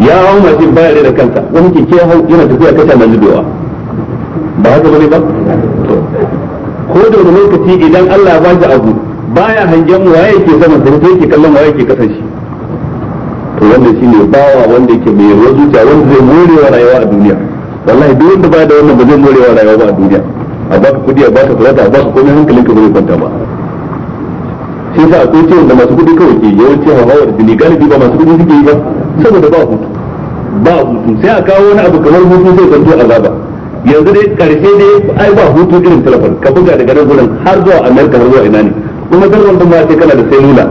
ya hau mashin baya da kansa wani ke ya hau yana tafiya kasha na zubewa ba haka bane ba ko da wani lokaci idan Allah ya bashi abu baya hangen waye yake zaman da sai yake kallon waye yake kasan shi to wannan shine bawa wanda yake mai zuciya wanda zai morewa rayuwa a duniya wallahi duk wanda baya da wannan ba zai morewa rayuwa ba a duniya a baka kudi a baka sarata a baka komai hankalinka bai kwanta ba shi yasa akwai ciwon da masu kuɗi kawai ke yawanci hawawar jini galibi ba masu kuɗi suke yi ba saboda ba hutu ba hutu sai a kawo wani abu kamar hutu zai zanto azaba yanzu dai karshe dai ai ba hutu irin telefon ka buga daga nan gurin har zuwa amerika har zuwa ina ne kuma telefon din ba sai kana da selula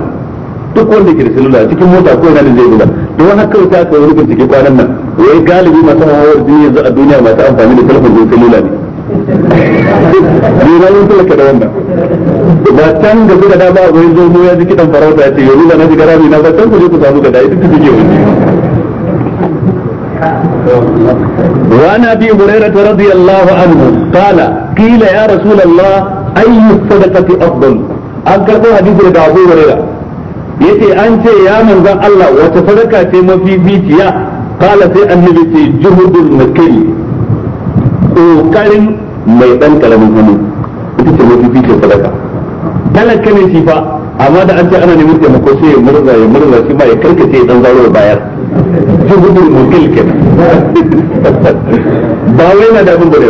duk wanda ke da selula cikin mota ko ina ne zai buga don haka kawai sai aka yi wani bincike kwanan nan wai galibi masu hawawar jini yanzu a duniya masu amfani da telefon din selula ne Jira yin kula da wannan. Ba can da dama a gurin zomo ya ji kiɗan farauta ya ce yanzu da na ji garami na ba can ku je ku samu gada ita ta fige wani. وعن ابي هريره رضي الله عنه قال قيل يا رسول الله اي الصدقه افضل an karɓo hadisi da abu huraira yace an ce ya manzan Allah wata sadaka ce mafi biciya kala sai annabi ce juhudul makil kokarin mai dan kalamin hannu ita ce mafi fice sadaka talaka ne shi fa amma da an ce ana neman taimako sai ya murza ya murza shi ba ya karkace dan zaro ya bayar zuhudul mutil kenan ba wai na da abin bare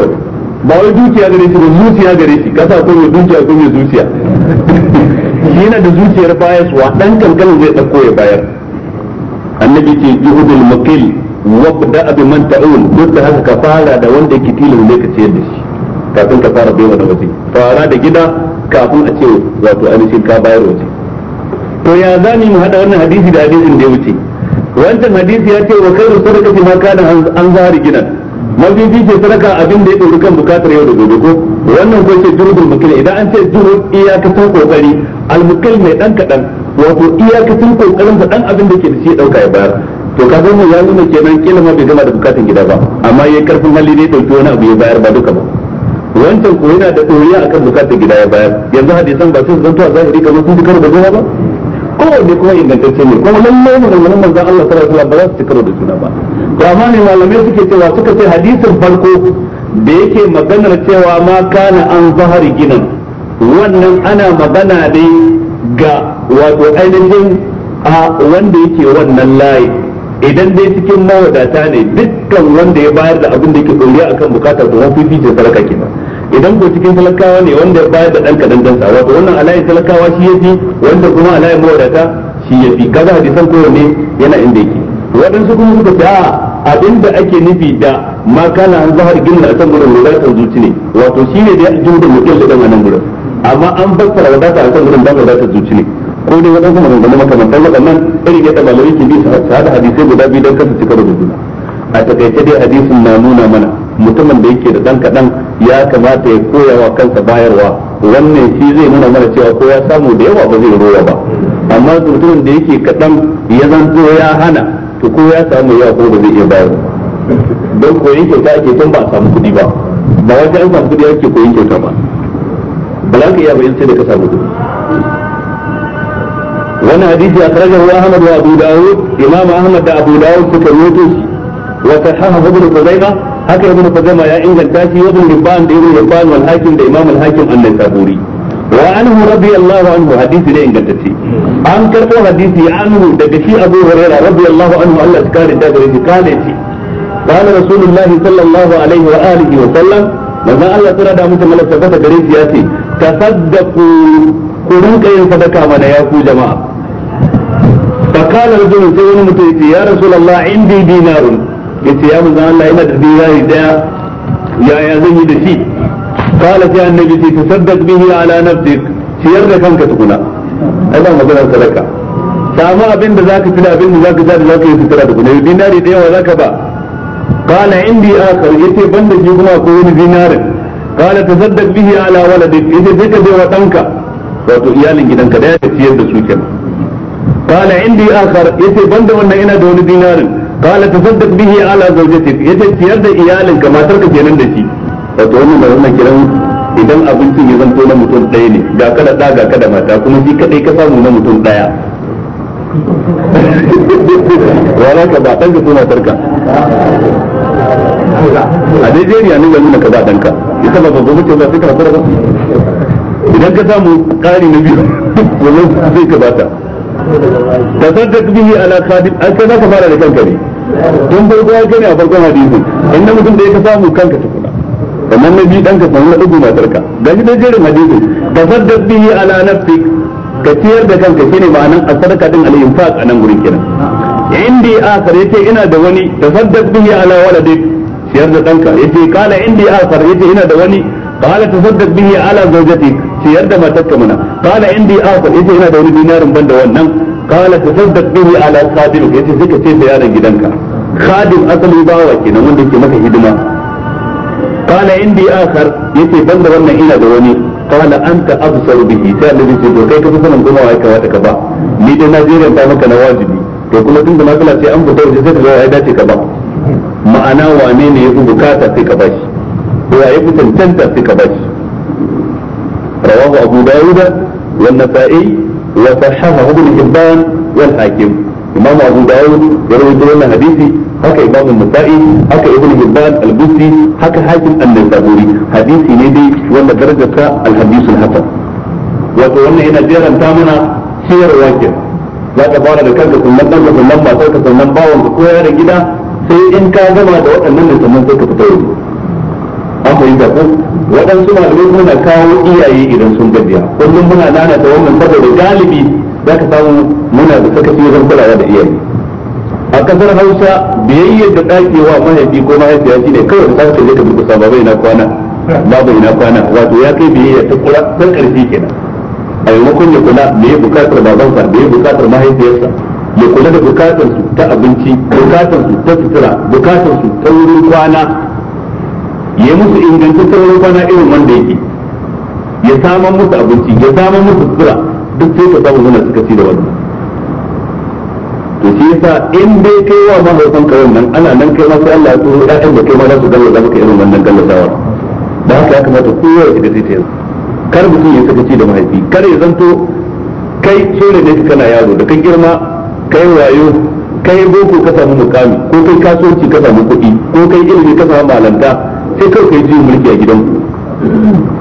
ba wai dukiya gare shi ba zuciya gare shi kasa ko mai dukiya ko zuciya shi yana da zuciyar bayaswa dan kankanin zai dauko ya bayar annabi ce zuhudul mukil wabda bi man ta'un duk da haka ka fara da wanda ke tilin ne ka ciyar da shi kafin ka fara bayar da waje fara da gida kafin a ce wato ainihin ka bayar waje to ya za mu haɗa wannan hadisi da hadisin da ya wuce wancan hadisi ya ce wa kairu sadaqati ma kana an zari gidan mafi fice sadaka abin da ya ɗauki kan bukatar yau da gobe ko wannan ko ce jurbul mukil idan an ce jurub iyakacin kokari almukil mai dan kadan wato iyakacin kokarin da dan abin da ke da shi ya dauka ya bayar to ka ga mu ya nuna kenan kila ma bai gama da bukatun gida ba amma yayi karfin hali ne dauki wani abu ya bayar ba duka ba wancan ko yana da ɗoriya akan bukatar gida ya bayar yanzu hadisan ba sun zanto a zahiri kamar sun fi karo da zuwa ba kowanne kuma ingantacce ne kuma lallai maganganun manzon Allah sallallahu alaihi wasallam ba za su ci karo da suna ba to amma ne malamai suke cewa suka ce hadisin farko da yake maganar cewa ma kana an zahari ginan wannan ana magana ne ga wato ainihin a wanda yake wannan layi idan dai cikin mawadata ne dukkan wanda ya bayar da abin da yake ɗoriya akan bukatar to fifi ce sadaka kenan idan ko cikin talakawa ne wanda ya bayar da dan kadan dan sa wato wannan alayin talakawa shi yafi wanda kuma alayin mawadata shi yafi kaza hadisan ne yana inda yake waɗansu kuma suka ce a abinda ake nufi da ma kana an zahar gilla a can gurin san zuci ne wato shi ne da jihudin mutum da dan a nan gurin amma an fassara wadata a san gurin dan wadatar zuci ne ko dai waɗansu maganganu makamantar waɗannan irin yadda malamai ke bi su hada hadisai guda biyu don kasa cika da juna a takaice dai hadisin na nuna mana mutumin da yake da dan kadan ya kamata ya koya wa kansa bayarwa wannan shi zai nuna mana cewa ko ya samu da yawa ba zai rowa ba amma mutumin da yake kadan ya zanto ya hana to ko ya samu yawa ko ba zai iya bayar don koyin kyauta ake tun ba samu kuɗi ba ba wai ka samu kuɗi ake koyon kyauta ba ba za ka iya bayan sai da ka samu kuɗi wani hadisi a karajar wa Ahmad wa Abu Dawud Imam Ahmad da Abu Dawud suka mutu wa sahaha Ibn Khuzaimah haka ibnu kuzama ya inganta shi ibnu ribban da ibnu ribban wal hakim da imam al hakim annan taburi wa anhu radiyallahu anhu hadisi ne ingantacce an karbo hadisi anhu daga shi abu hurairah radiyallahu anhu Allah ya kare da gare shi kale shi qala rasulullahi sallallahu alaihi wa alihi wa sallam manzon Allah tsara da mutum Allah tabbata gare shi ya ce tasaddaqu ku rinka yin sadaka mana ya ku jama'a فقال رجل سيدنا متيتي يا رسول الله عندي دينار ce ya manzo Allah yana da dinari daya ya zan yi da shi kala sai annabi ta tasaddaq bihi ala nafsik ciyar da kanka tukuna Allah magana sadaka samu abin da zaka fi da abin da zaka da zaka yi sutura tukuna dinari da yawa zaka ba قال عندي آخر يتي بند جيكما كون دينار قال تصدق به على ولدك يتي ذكا دي وطنك wato iyalin gidanka da ya ciyar da su kenan kala indi akhar yace banda wannan ina da wani dinarin qala tasaddaq bihi ala zawjatik yace ciyar da iyalin ka matar ka kenan da shi wato wannan da wannan kiran idan abincin ya zanto na mutum ɗaya ne ga kada da ga kada mata kuma shi kadai ka samu na mutum daya. wala ka ba ɗanka ko matarka a ne ga nuna ka ba ita ba mutum tasaddaq bihi ala khadim an kai zaka fara da kanka ne don ya gani a farkon hadisi in mutum da ya ka samu kanka na jerin hadisi bihi ala ka ciyar da kanka shine ma'anan asadaka din infaq a gurin kenan indi yace ina da wani bihi ala ciyar da yace kala indi ciyar da matarka mana qala indi akhar yace ina da wani dinarin ban da wannan qala tasaddaq bihi ala qadirik yace zaka ce da yaran gidanka khadim asali bawa kenan wanda yake maka hidima qala indi akhar yace ban da wannan ina da wani qala anta absaru bihi sai annabi ce to kai ka fi sanin kuma wai ka wata ka ba ni da najeriya ta maka na wajibi to kuma tun da kula sai an fita waje sai ka ga ya dace ka ba ma'ana wane ne ya fi bukata sai ka bashi ko ya fi tantanta sai ka bashi رواه أبو داود والنسائي وصححه ابن حبان والحاكم إمام أبو داود يروي دون حديثي haka imamu nasa'i haka ibnu hibban al-busti haka hakim an-nisaburi hadisi ne dai wanda darajarsa al-hadisul hasan wato wannan yana jeranta mana siyar za ka fara da kanka sunan ɗanka sunan ba sai ka sunan bawon ka koyar da gida sai in ka gama da waɗannan ne sannan sai ka fita yanzu fahimta ko waɗansu malamai kuma kawo iyaye idan sun gajiya kullum muna nana ta wannan saboda galibi za ka samu muna da sakaci wajen kulawa da iyaye a ƙasar hausa biyayyar da ɗake wa mahaifi ko mahaifiya shi ne kawai da ce ka je ka buɗe sababa kwana babu ina kwana wato ya kai biyayya ta kula ta ƙarfi kenan a maimakon ya kula me ya buƙatar babansa me ya buƙatar mahaifiyarsa ya kula da bukatar ta abinci bukatar ta sutura bukatar ta wurin kwana ya musu inganta sauran kwana irin wanda yake ya saman musu abinci ya saman musu sutura duk sai ka samu muna suka ci da wannan to shi yasa in dai kai wa ma hausan kawai nan ana nan kai ma sai Allah ya tsoro ƴaƴan da kai ma za su gallaza maka irin wannan gallazawa da haka ya kamata kowa ya shiga taitayin kar mutum ya saka ci da mahaifi kar ya zanto kai sore ne kana yaro da kai girma kai wayo kai boko ka samu mukami ko kai kasuwanci ka samu kuɗi ko kai ilimi ka samu malanta sai kawai kai jiyo mulki a gidan ku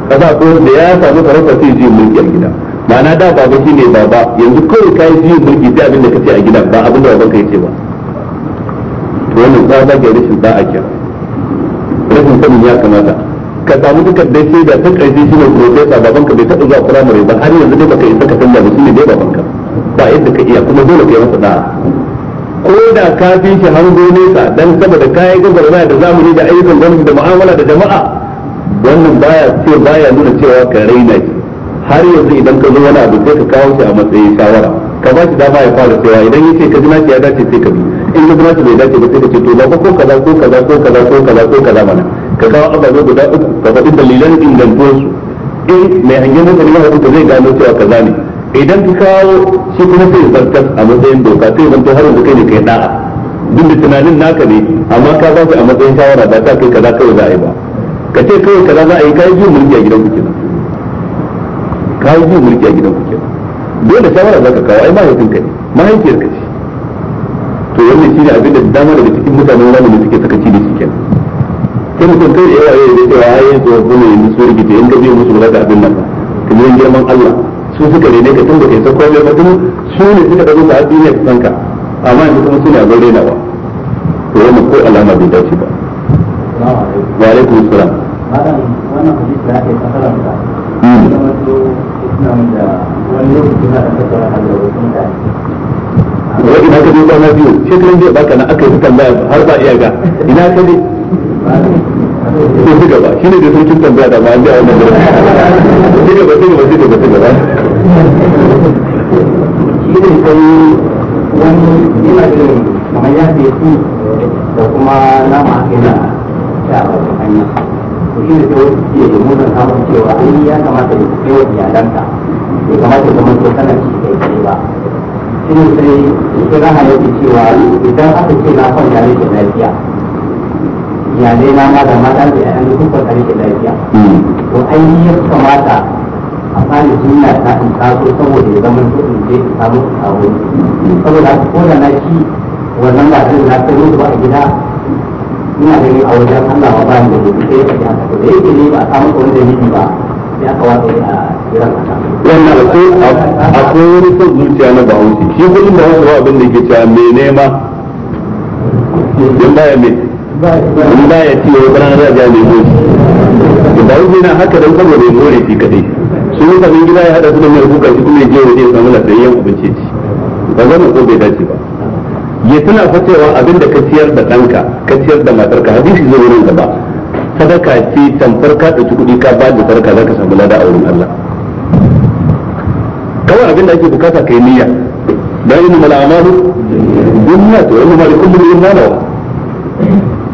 kaza ko da ya samu sarauta sai jiyo mulki a gida ma'ana da baba shine baba yanzu kawai kai jiyo mulki sai abinda ka ce a gida ba abinda baban ka ce ba to wannan ba ba ga rashin a ke rashin sanin ya kamata ka samu sai shaida ta karshe shi ne professor baban ka bai taɓa zuwa firamare ba har yanzu dai baka isa ka san da shi ne dai baban ka ba yadda ka iya kuma dole ka yi masa da'a ko da ka fi shi hango nesa dan saboda kayan gwagwarmaya da zamuni da ayyukan gwamnati da mu'amala da jama'a wannan baya ce baya nuna cewa ka raina shi har yanzu idan ka zo wani abu sai ka kawo shi a matsayin shawara ka ba shi dama ya fara cewa idan yace ka ji naci ya dace sai ka bi in ka ji naci bai dace ba sai ka ce to ba ko kaza ko kaza ko kaza ko kaza ko kaza mana ka kawo ababe guda uku ka faɗi dalilan ingantuwarsu in mai hangen mutane ya ka zai gano cewa kaza ne idan ka kawo shi kuma sai zartar a matsayin doka sai zanto har yanzu kai ne kai da'a duk da tunanin naka ne amma ka ba a matsayin shawara ba ta kai kaza kawai za a yi ba ka ce kawai kaza za a yi kayan jin mulki a gidan ku kenan kayan jin mulki a gidan ku kenan dole shawara za ka kawo ai mahaifin ka ne mahaifiyar ka ce to wannan ne abin da dama daga cikin mutanen wani ne suke ci da shi kenan sai mutum kai da yawa yau da cewa ai yanzu wani ne su rigita in ka biyo musu ba za ka abin nan ba kamar girman Allah su suka ne ka tun da kai sako mai mutum su ne suka dago ka ne a san ka amma yanzu kuma su ne abin renawa to wani ko alama bai dace ba wa alaikum salam wannan da ake kasara da wani lokaci na da kasara da wasu mutane Ko ina ka je kwana biyu shekaran jiya baka na aka yi tambaya har ba iya ga ina ka je ko ci gaba shi ne da sarkin tambaya da ma'an a wannan gaba ci gaba ci gaba ci gaba gaba shi ne kai wani yana da kamar ya fi su da kuma nama yana sha a wajen hanya to shi ne sai wasu ke da mutan samun cewa ai ya kamata ya kai wa iyalanka ya kamata ya zama kana ci kai ba shi ne sai kira halittu cewa idan aka ce na kwanta ne da lafiya iyalai na ma da mata da yayan duk kwanta da lafiya to ai kamata a sani jumla ta in taso saboda ya zama su in je in samu a kawo saboda ko da na ci wannan ba zai na kai ba a gida ina ganin a wajen Allah ba ba da ke sai ka ta haka to da yake ne ba a samu wani dalili ba sai aka wato a kiran ka wannan akwai wani son zuciya na bahaushe shi kudin bahaushe ba abin da ke cewa mai nema in baya mai in baya ci wani ranar da ya nemo shi bahaushe na haka don saboda ya more shi kadai su mutanen gida ya hada su da mai buka shi kuma ya je waje ya samu lafiyayyen abinci ci ba zama ko bai dace ba ya tuna fa cewa abin da ka ciyar da ɗanka ka ciyar da matarka hadisi zai wurin gaba sadaka ce tamfar ka ɗauki kuɗi ka ba da sadaka za ka samu lada a wurin Allah kawai abin da ake bukata ka yi niyya dan inna mal dunya binniyat wa inna li kulli imrin ma nawa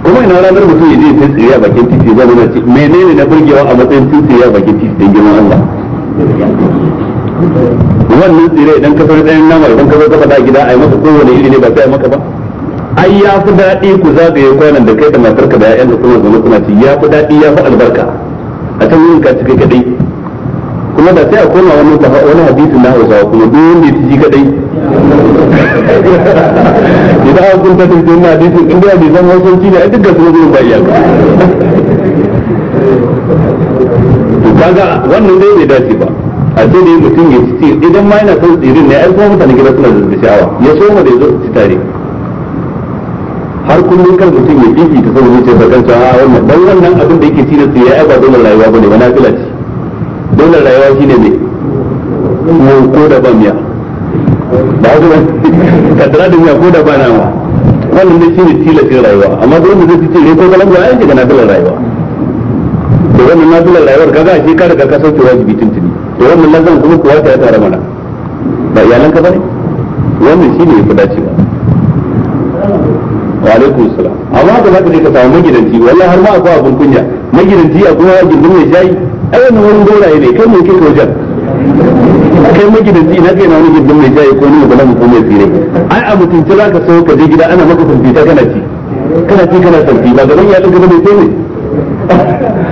kuma ina ranar mutum ya je sai tsiriya bakin titi zai nuna menene na burgewa a matsayin titi ya bakin titi don girman Allah wannan tsire idan ka sauri ɗayan nama idan ka zo kafa da gida a yi masa kowane iri ne ba sai a maka ba ai ya fi daɗi ku zagaye kwanan da kai da matarka da ƴaƴan da kuma zama kuna ci ya fi daɗi ya fi albarka a can yin ka kai kaɗai kuma da sai a koma wani wani hadisi na Hausawa kuma duk wanda ya ci kaɗai idan an kun ta tunce na hadisin inda ya bi zan hausanci ne a da su ne ba iyaka kaga wannan dai bai dace ba a ce dai mutum ya ci idan ma yana son tsirin ne ai kuma mutane gida suna da sha'awa ya soma da ya zo ci tare har kullum kan mutum ya fifi ta saboda zuciya ta kanta a ah, wannan dan wannan abin da yake tilas ya ai ba dole rayuwa bane ba na fila ce dole rayuwa shine ne mu ko da ban miya ba ku ba kadara da miya ko da ba ma wannan dai shine tilas rayuwa amma dole mu zai ci ne ko kalan ba ai ga nafilar rayuwa to wannan nafilar rayuwar kaga a ce ka riga ka sauke wajibi tuntuni to wannan lazan kuma kuwa ta tare mana ba iyalanka bane wannan shine yafi dacewa wa alaikum salam amma da zaka je ka samu magidanci wallahi har ma akwai abun kunya magidanci a kuma gindin mai shayi ai wannan wani goraye ne kai mun kike wajen kai magidanci na kai na wani gindin mai shayi ko ni ba na mutum mai tsire ai a mutunci zaka so ka je gida ana maka kumfita kana ci kana ci kana sarfi ba gaban ya ɗin gaba mai sai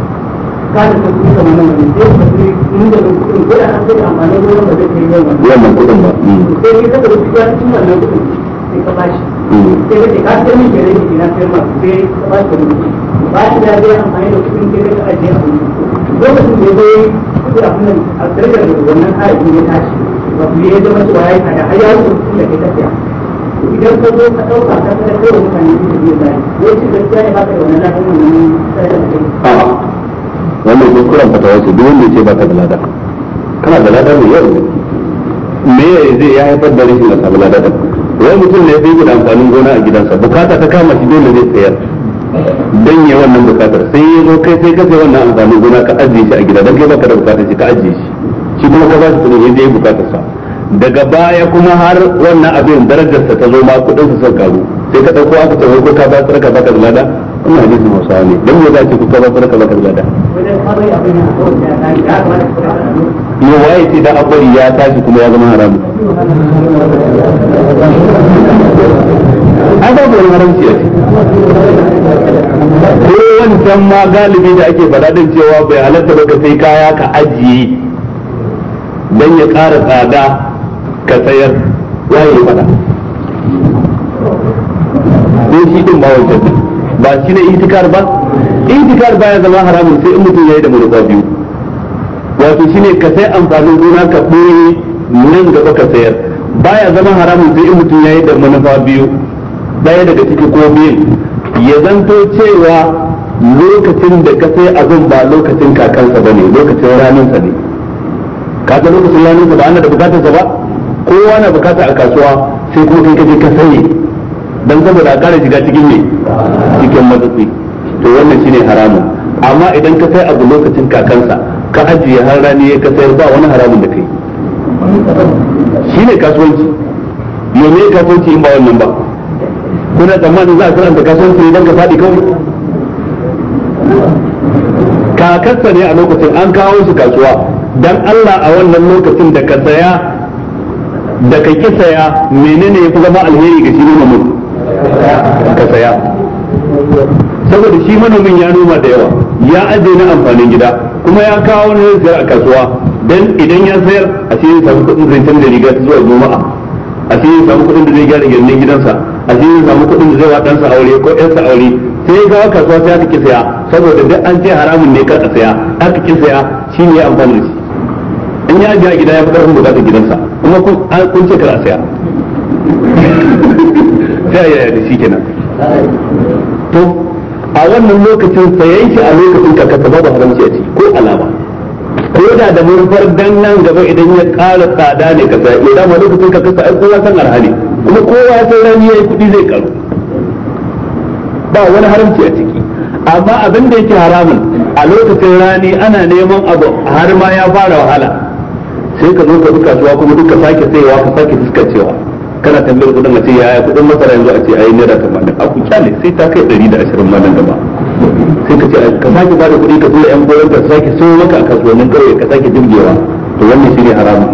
wannan kudin ba idan ka zo ka ɗauka ka kada kowa mutane su biyu zai wai shi gaskiya ne ba ka da wannan lafiyar wannan sai da kai wannan kuskuren fatawa ce duk wanda yake baka da lada kana da lada mai yau me ya zai ya haifar da rashin lada lada da wani mutum ne ya fi da amfanin gona a gidansa bukata ta kama shi dole zai sayar dan ya wannan bukatar sai ya zo kai sai ka sai wannan amfanin gona ka ajiye shi a gida dan kai baka da bukatar shi ka ajiye shi shi kuma ka ba shi kudin yadda ya bukatar sa daga baya kuma har wannan abin darajarsa ta zo ma kudin su sun karu sai ka dauko aka tsawo ko ka ba sarka baka da lada wannan hadisi musa ne dan me za ki kuka ba farka ba kaza da yo waye ce da akwai ya tashi kuma ya zama haramu an ba wani haramci ya ce ko wancan ma galibi da ake faɗa din cewa bai halatta ba ka sai kaya ka ajiye dan ya ƙara tsada ka sayar waye ya faɗa ko shi ɗin ba wancan ba shi ne itikar ba itikar baya zama haramun sai in mutum ya yi da manufa biyu wato shi ne ka sai amfanin gona ka ɓoye nan gaba ka sayar baya zama haramun sai in mutum ya yi da manufa biyu daya daga ciki ko biyun ya zanto cewa lokacin da ka sai abin ba lokacin kakansa ba ne lokacin raninsa ne ka lokacin raninsa ba ana da bukatarsa ba kowa na bukata a kasuwa sai kuma kai ka je ka saye dan saboda kare shiga cikin ne cikin matsatsi to wannan shine haramun amma idan ka sai abu lokacin kakansa ka ajiye har rani ka sayar ba wani haramun da kai shine kasuwanci yo me kasuwanci in ba wannan ba kuna tsammanin za a da kasuwanci idan ka faɗi kawai kakarsa ne a lokacin an kawo su kasuwa dan Allah a wannan lokacin da ka saya da ka ki saya menene ya fi zama alheri ga shi ne mutum ka saya saboda shi manomin ya noma da yawa ya ajiye na amfanin gida kuma ya kawo wani sayar a kasuwa dan idan ya sayar a sai ya samu kuɗin zai da riga zuwa goma a sai ya samu kuɗin da zai gyara gyannin gidansa a sai ya samu kuɗin da zai wa ɗansa aure ko ɗansa aure sai ya kawo kasuwa sai aka kisa ya saboda duk an ce haramun ne kar a saya aka kisa ya shi ne ya amfani da shi in ya ajiye a gida ya fi ƙarfin buƙatar gidansa kuma kun ce kar a saya da shi kenan to a wannan lokacin sayan shi a lokacin kasa babu haramci a ciki ko alama ko da da murfar dan nan gaba idan ya ƙara tsada ne ka sa idan ma lokacin kasa ai kowa san arhali kuma kowa sai rani yayi kuɗi zai karu ba wani haramci a ciki amma abin da yake haramun a lokacin rani ana neman abu har ma ya fara wahala sai ka zo ka bi kasuwa kuma duka sake sayewa ka sake cewa. kana tambayar kudin a ce ya kudin masara yanzu a ce ai naira tamanin a kuka ne sai ta kai ɗari da ashirin ma nan gaba sai ka ce ka sake bada kuɗi ka tura yan goyon ka sake so maka a kasuwannin kawai ka sake jirgewa to wannan shi ne haramun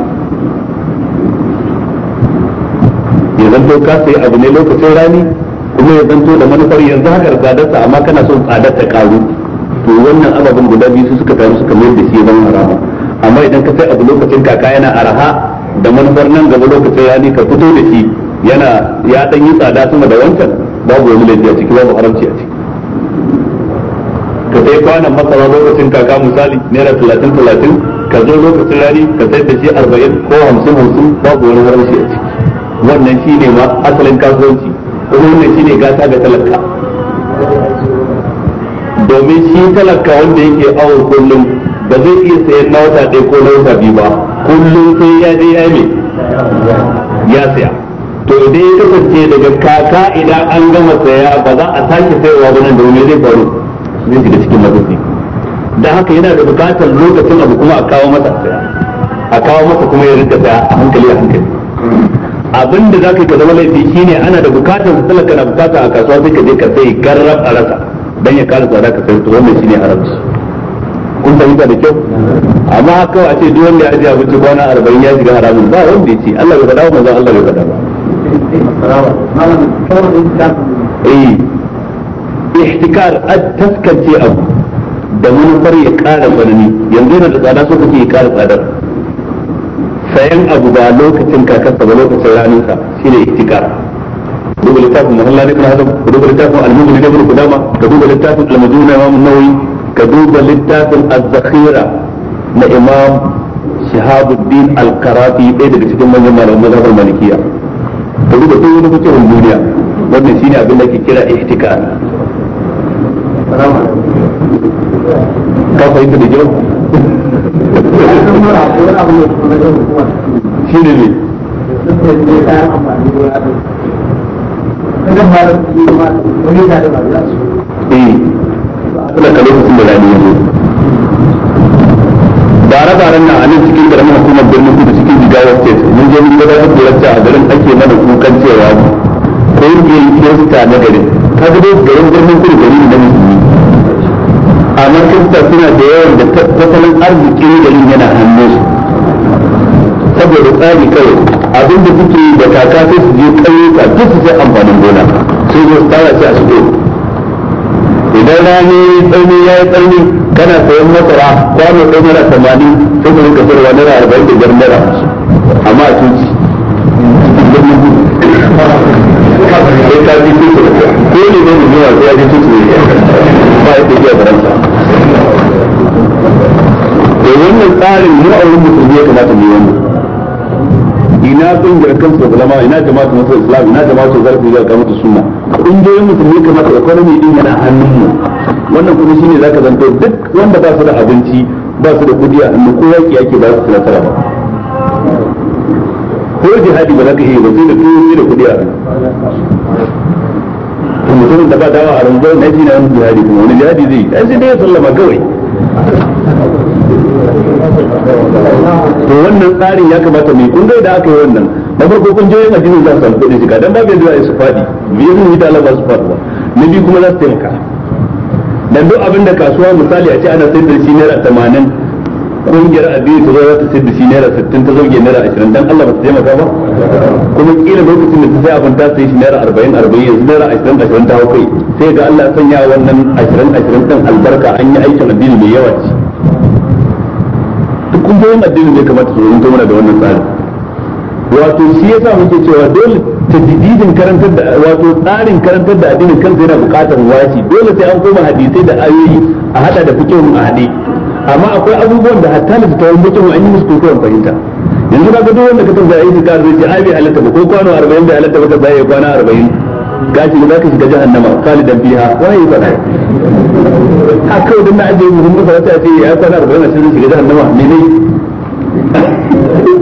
ya zanto ka sayi abu ne lokacin rani kuma ya zanto da manufar yanzu haka da tsadarsa amma kana son tsadar ta karu to wannan ababen guda biyu su suka taru suka mayar da shi ya zama haramun amma idan ka sai abu lokacin kaka yana araha da manufar nan gaba lokacin hali ka fito da shi yana ya dan yi tsada sama da wancan babu wani laifi a ciki babu haramci a ciki ka sai kwanan masara lokacin kaka misali naira talatin talatin ka zo lokacin rani ka sai da shi arba'in ko hamsin hamsin babu wani haramci a ciki wannan shi ne ma asalin kasuwanci kuma wannan shi ne gata ga talaka domin shi talaka wanda yake awon kullum ba zai iya sayan na wata ɗaya ko na wata biyu ba kullum sai ya je ya me ya saya to idan ya kasance daga kaka idan an gama saya ba za a sake sayarwa ba nan da wani zai faru zai shiga cikin matsatsi da haka yana da bukatar lokacin abu kuma a kawo masa saya a kawo masa kuma ya rinka saya a hankali a hankali abin da za ka ka zama laifi shine ana da bukatar talaka na bukata a kasuwa sai ka je ka sai garrar a rasa dan ya kara tsada ka sai to wannan shine rasa kun fahimta da kyau amma kawai a ce duk wanda ya ajiye abinci kwana arba'in ya shiga haramun ba wanda ya ce Allah bai faɗa ba manzon Allah bai faɗa ba eh ihtikar ad taskance abu da manufar ya ƙara tsanani yanzu yana da tsada so kake ya ƙara tsadar sayan abu ba lokacin kakarsa ba lokacin raninsa shine ihtikar duba littafin muhallari ibn hazm duba littafin al-mughni ibn qudama duba littafin al-maduna imam an-nawawi كدوب للتاف الزخيرة لإمام شهاب الدين القراطي إيه اللي بيسيطن من جمال ومذهب المالكية كدوب تقول لكم الدنيا وابن سيني أبن لك كلا احتكار كيف أنت بجو؟ شيني لي إيه suna ka lokacin da rani ya zo bara na anan cikin garamin hukumar birnin kudu cikin jigawa state mun je mun gabatar da lacca a garin ake mana kukan cewa kungiyar kirista na garin ka ga dai garin birnin kudu gari na musulmi amma kirista suna da yawan da tattalin arzikin garin yana hannu. su saboda tsari kawai abin da suke da kaka sai su je ƙauyuka duk su sai amfanin gona sai zo tsara shi a shigo idan rani tsani ya yi tsani kana sayan masara kwano ɗaya naira tamanin sai ka rinka sayarwa naira arba'in da biyar naira amma a cuci sai ka ji cuci ko ne ne mutum a ya ji cuci ne ba ya tafiya faransa to wannan tsarin mu a wurin musulmi ya kamata mu wannan ina kungiyar kansu da ulama ina jama'atu masu islam ina jama'atu zarafi zai kamata sunna kungiyoyin musulmi da economy din yana hannunmu wannan kuma za ka zanto duk wanda ba su da abinci ba su da kudi a hannu ko yaƙi yake ba su nasara ba ko jihadi ba za ka iya ba sai da tuwo da kudi a hannu mutumin da ba dawa a rangon na jina wani jihadi kuma wani jihadi zai yi ɗan sai dai ya sallama kawai to wannan tsarin ya kamata mai kun da aka yi wannan na ko kun je yana jinin za su samu kuɗin shiga dan babu yanzu za su faɗi biyu sun yi talaba su ba na biyu kuma za su taimaka dan duk abin da kasuwa misali a ce ana sayar da shi naira tamanin kungiyar addini ta zo za ta sayar da shi naira sittin ta zauge naira ashirin dan Allah ba ta taimaka ba kuma kila lokacin da ta sai abin ta sai shi naira arba'in arba'in yanzu naira ashirin ashirin ta hau kai sai ga Allah sanya wannan ashirin ashirin ɗin albarka an yi aikin addini mai yawa ce kun ga wannan addini ne kamata su rubuta mana da wannan tsari wato shi yasa muke cewa dole ta jididin karantar da wato tsarin karantar da addinin kansa yana bukatar waci dole sai an koma hadisai da ayoyi a hada da fikihun a hade amma akwai abubuwan da hatta da tawon mutum an yi musu kokarin fahimta yanzu ka ga duk wanda ka tambaya yi ka zai ce ai bai halatta ba ko kwano 40 bai halatta ba ka zai kwana 40 ka shiga za ka shiga jahannama khalidan fiha wai ba dai haka da na ajiye mu mun fara sai ya kwana 40 a cikin shiga jahannama ne ne sai su bari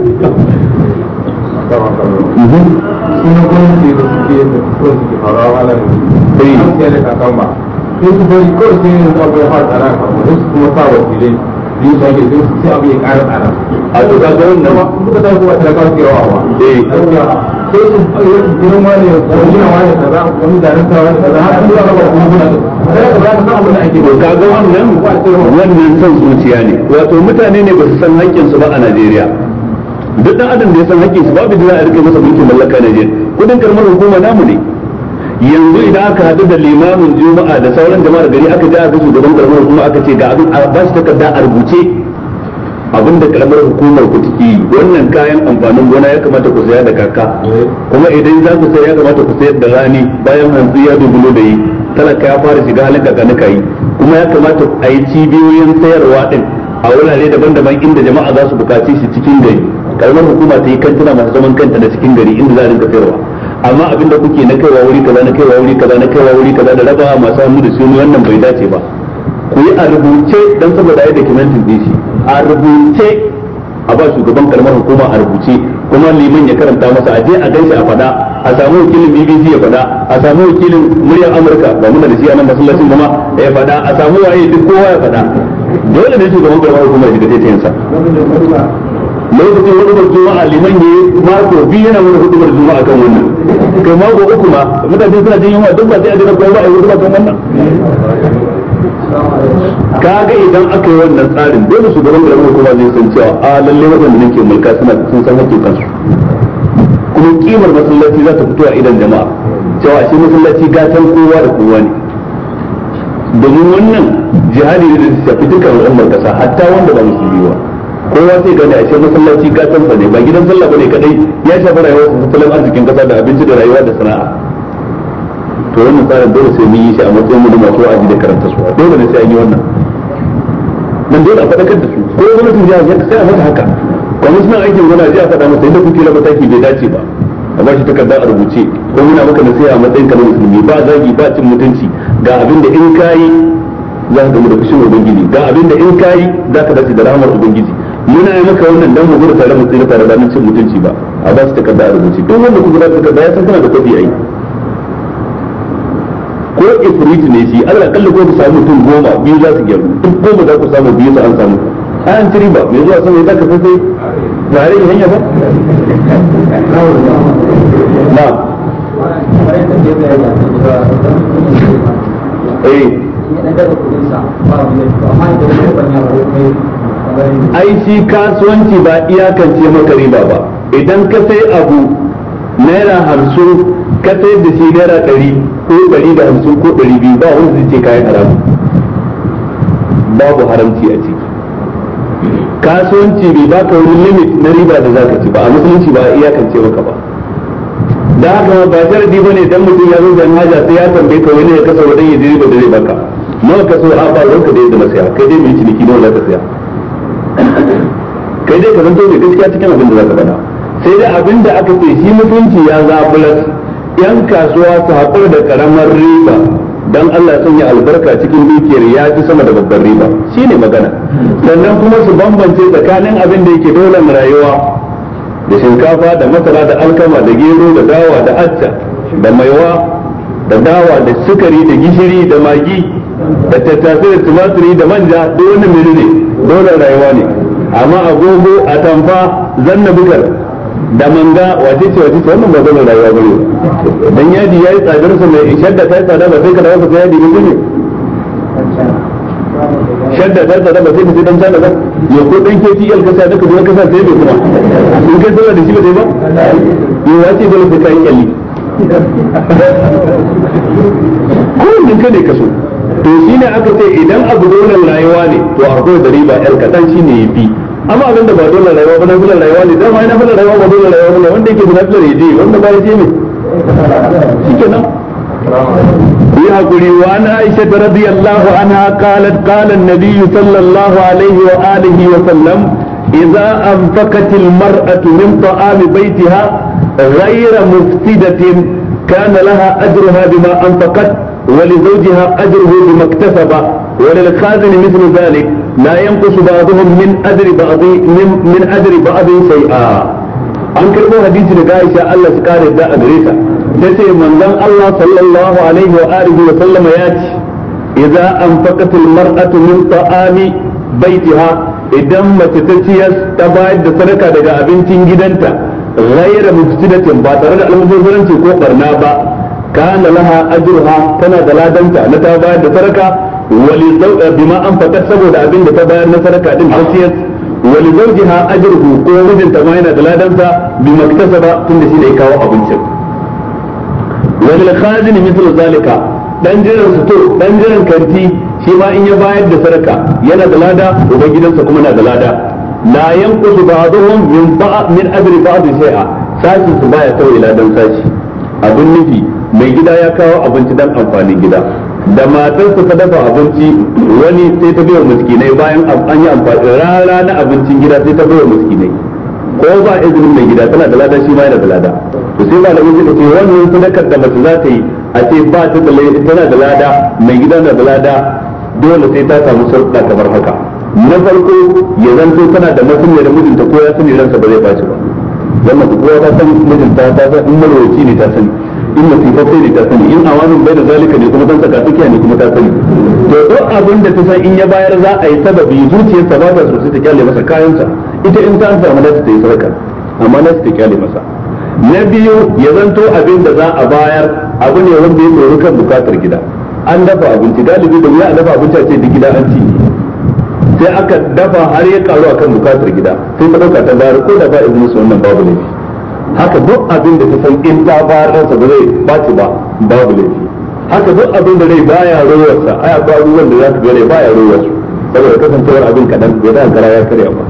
kawai sai yin abubuwa a ranar kamar su kuma sa wakilai biyu ba ke biyu sai abu ya ƙara tsara a to ga garin da ma kuka ta kuwa ta kawo kewa wa eh saboda sai su girin wani ko ta wani kaza wani da rasa wani kaza har an zuwa ba kuma kuna sai ka zaka san abin ake ka ga wannan wannan son zuciya ne wato mutane ne ba su san haƙƙin su ba a Najeriya duk dan adam da ya san haƙƙin su babu da za a rike masa mulkin mallaka Najeriya kudin karamar hukuma namu ne yanzu idan aka haɗu da limamin juma'a da sauran jama'ar gari aka ji aka shugaban karamar hukuma aka ce ga abin ba shi takarda a rubuce abin da karamar hukumar ku yi wannan kayan amfanin gona ya kamata ku saya da kaka kuma idan za ku sayar ya kamata ku sayar da rani bayan hantsi ya dubulo da yi talaka ya fara shiga halin kakanuka yi kuma ya kamata a yi cibiyoyin sayarwa din a wurare daban-daban inda jama'a za su bukaci shi cikin gari karamar hukuma ta yi kantuna masu zaman kanta da cikin gari inda za a rinka sayarwa amma abin da kuke na kaiwa wuri kaza na kaiwa wuri kaza na kaiwa wuri kaza da raba masu hannu da shuni wannan bai dace ba ku yi a rubuce dan saboda ai documentin din shi a rubuce a ba shugaban karamar hukuma a rubuce kuma liman ya karanta masa a je a ganshi a fada a samu wakilin BBC ya fada a samu wakilin muryar Amurka ba muna da shi a nan masallacin kuma ya fada a samu waye duk kowa ya fada dole ne shugaban karamar hukuma ya ji da tayin sa lokacin hudubar juma'a liman ne mako biyu yana wani hudubar juma'a kan wannan kai mako uku ma mutane suna jin yunwa duk ba sai a jira kowa ba a yi hudubar kan wannan kaga idan aka yi wannan tsarin dole su gaban garin hukuma zai san cewa a lalle waɗanda nake mulka suna sun san hakkin kansu kuma kimar masallaci za ta fito a idan jama'a cewa shi masallaci gatan kowa da kowa ne domin wannan jihadi ne da shafi dukkan al'ummar kasa hatta wanda ba musulmi ba kowa sai gane a ce masallaci gasan sa ne ba gidan sallah bane kadai ya shafa rayuwar tattalin arzikin kasa da abinci da rayuwa da sana'a to wannan tsarin dole sai mun yi shi a matsayin mu da masu wa'azi da karanta su dole ne sai an yi wannan nan dole a fadakar da su ko gwamnatin jiha sai a mata haka kwamishinan aikin gona ji a faɗa masa inda kuke na mataki bai dace ba a ba shi takardar a rubuce ko muna maka nasiha a matsayin kamar musulmi ba zagi ba cin mutunci ga abin da in kayi za ka gamu da fushin ubangiji ga abin da in kayi za ka dace da rahamar ubangiji muna yi maka wannan dan mu gudu tare mu tsira tare da mun ci mutunci ba a ba su takarda a rubuce duk wanda ku gudu takarda ya san kana da kudi ai ko ifrit ne shi Allah kalla ko ku samu mutum goma biyu za su gyaru duk goma za ku samu biyu su an samu an tiri ba me zuwa sai za ka fafe tare da hanya ba na eh ai shi kasuwanci ba iyakance maka riba ba idan ka sai abu naira hamsin ka sai da shi naira ɗari ko ɗari da hamsin ko ɗari biyu ba wanda zai ce kayan haramu babu haramci a ciki kasuwanci bai ba ka wani limit na riba da zaka ci ba a musulunci ba iyakance maka ba da haka ba ba ne dan mutum ya zo da haja sai ya tambaye ka wani ya kasa wadan ya riba da zai baka ka so a ba ka da yadda na saya kai dai mai ciniki nawa za ka saya kai dai ka zanto da gaskiya cikin abin da za ka faɗa sai dai abin da aka ce shi mutunci ya zabulas yan kasuwa su haƙur da karamar riba dan Allah sanya albarka cikin dukiyar ya ji sama da babbar riba shine magana sannan kuma su bambance tsakanin abin da yake dole rayuwa da shinkafa da masara da alkama da gero da dawa da acca da maiwa da dawa da sukari da gishiri da magi da tattasai da tumatiri da manja da wani menene dole rayuwa ne amma agogo a tamfa zanna bugar da manga wace ce wace ce wannan ba zama rayuwa bane dan yadi yayi tsadar sa mai shadda ta tsada ba sai ka dawo ka yadi ne ne shadda ta tsada ba sai ka dan tsada ba ya ko dan ke tiyal ka sai ka ka sai bai kuma in ka tsada da shi ba dai ba ya wace dole ka kai ko kullum ka ne kaso to shine aka ce idan abu dole rayuwa ne to akwai dariba riba yar kadan shine yafi amma abinda ba dole rayuwa ba na fulan rayuwa ne dama ina fulan rayuwa ba dole rayuwa ne wanda yake bukatar ya je wanda ba ya je ne shikenan yi hakuri wa an aisha ta radiyallahu anha qalat qala an-nabiy sallallahu alaihi wa alihi wa sallam idza anfaqat al-mar'atu min ta'am baytiha ghayra muftidatin kana laha ajruha bima anfaqat ولزوجها أجره بما اكتسب وللخازن مثل ذلك la yanqusu ba'dhum min ajri ba'dhi min min ajri ba'dhi shay'a an karbo hadisi daga Aisha Allah su kare da a gare ta tace manzon Allah sallallahu alaihi wa wa sallama ya ce idza anfaqatil mar'atu min ta'ami baitiha idan mace ta ciyar ta bayar da sadaka daga abincin gidanta raira ghayra mufsidatin ba tare da almubazzaranci ko barna ba kana laha ajruha tana da ladanta na ta bayar da sadaka wali zauka bima an fata saboda abin da ta bayar na sadaka din wasiyar wali zaujiha ajruhu ko mijinta ma yana da ladansa bi ba tunda shi da ya kawo abincin wal khazin mithlu zalika dan jiran suto dan jiran kanti shi ma in ya bayar da sadaka yana da lada gidansa kuma na da lada la yanqusu ba'dhum min ba'd min ajri ba'd shay'a sashi su baya tauye ladan sashi abin nufi mai gida ya kawo abinci dan amfanin gida da matarsa ta dafa abinci wani sai ta biya miskinai bayan an yi amfani rara na abincin gida sai ta biya miskinai ko ba izinin mai gida tana da lada shi ma yana da lada to sai malamin suka ce wannan sadakar da mace za ta yi a ce ba ta da tana da lada mai gida na da lada dole sai ta samu sarƙa kamar haka na farko ya zanto tana da masaniyar da mijinta ko ya sani ransa ba zai ba shi ba wannan kowa ta san mijinta ta san in marwaci ne ta sani in masifa sai ne ta sani in awanin bai da zalika ne kuma zan saka tsakiya ne kuma ta sani to duk abin da ta san in ya bayar za a yi sababi zuciyarsa ba ta so sai ta kyale masa kayansa ita in ta samu nasu ta yi sarka amma nasu ta kyale masa na biyu ya zanto abin da za a bayar abu ne wanda ya tsoro kan bukatar gida an dafa abinci galibi da wuya a dafa abinci a ce duk gida an ci sai aka dafa har ya karu akan bukatar gida sai ta dauka ta bayar ko da ba su wannan babu laifi haka duk abin da ta san in ta sa ba zai baci ba babu laifi haka duk abin da rai baya rowarsa ai akwai abubuwan da za su rai baya rowarsa saboda kasancewar abin kadan bai da kara ya karya ba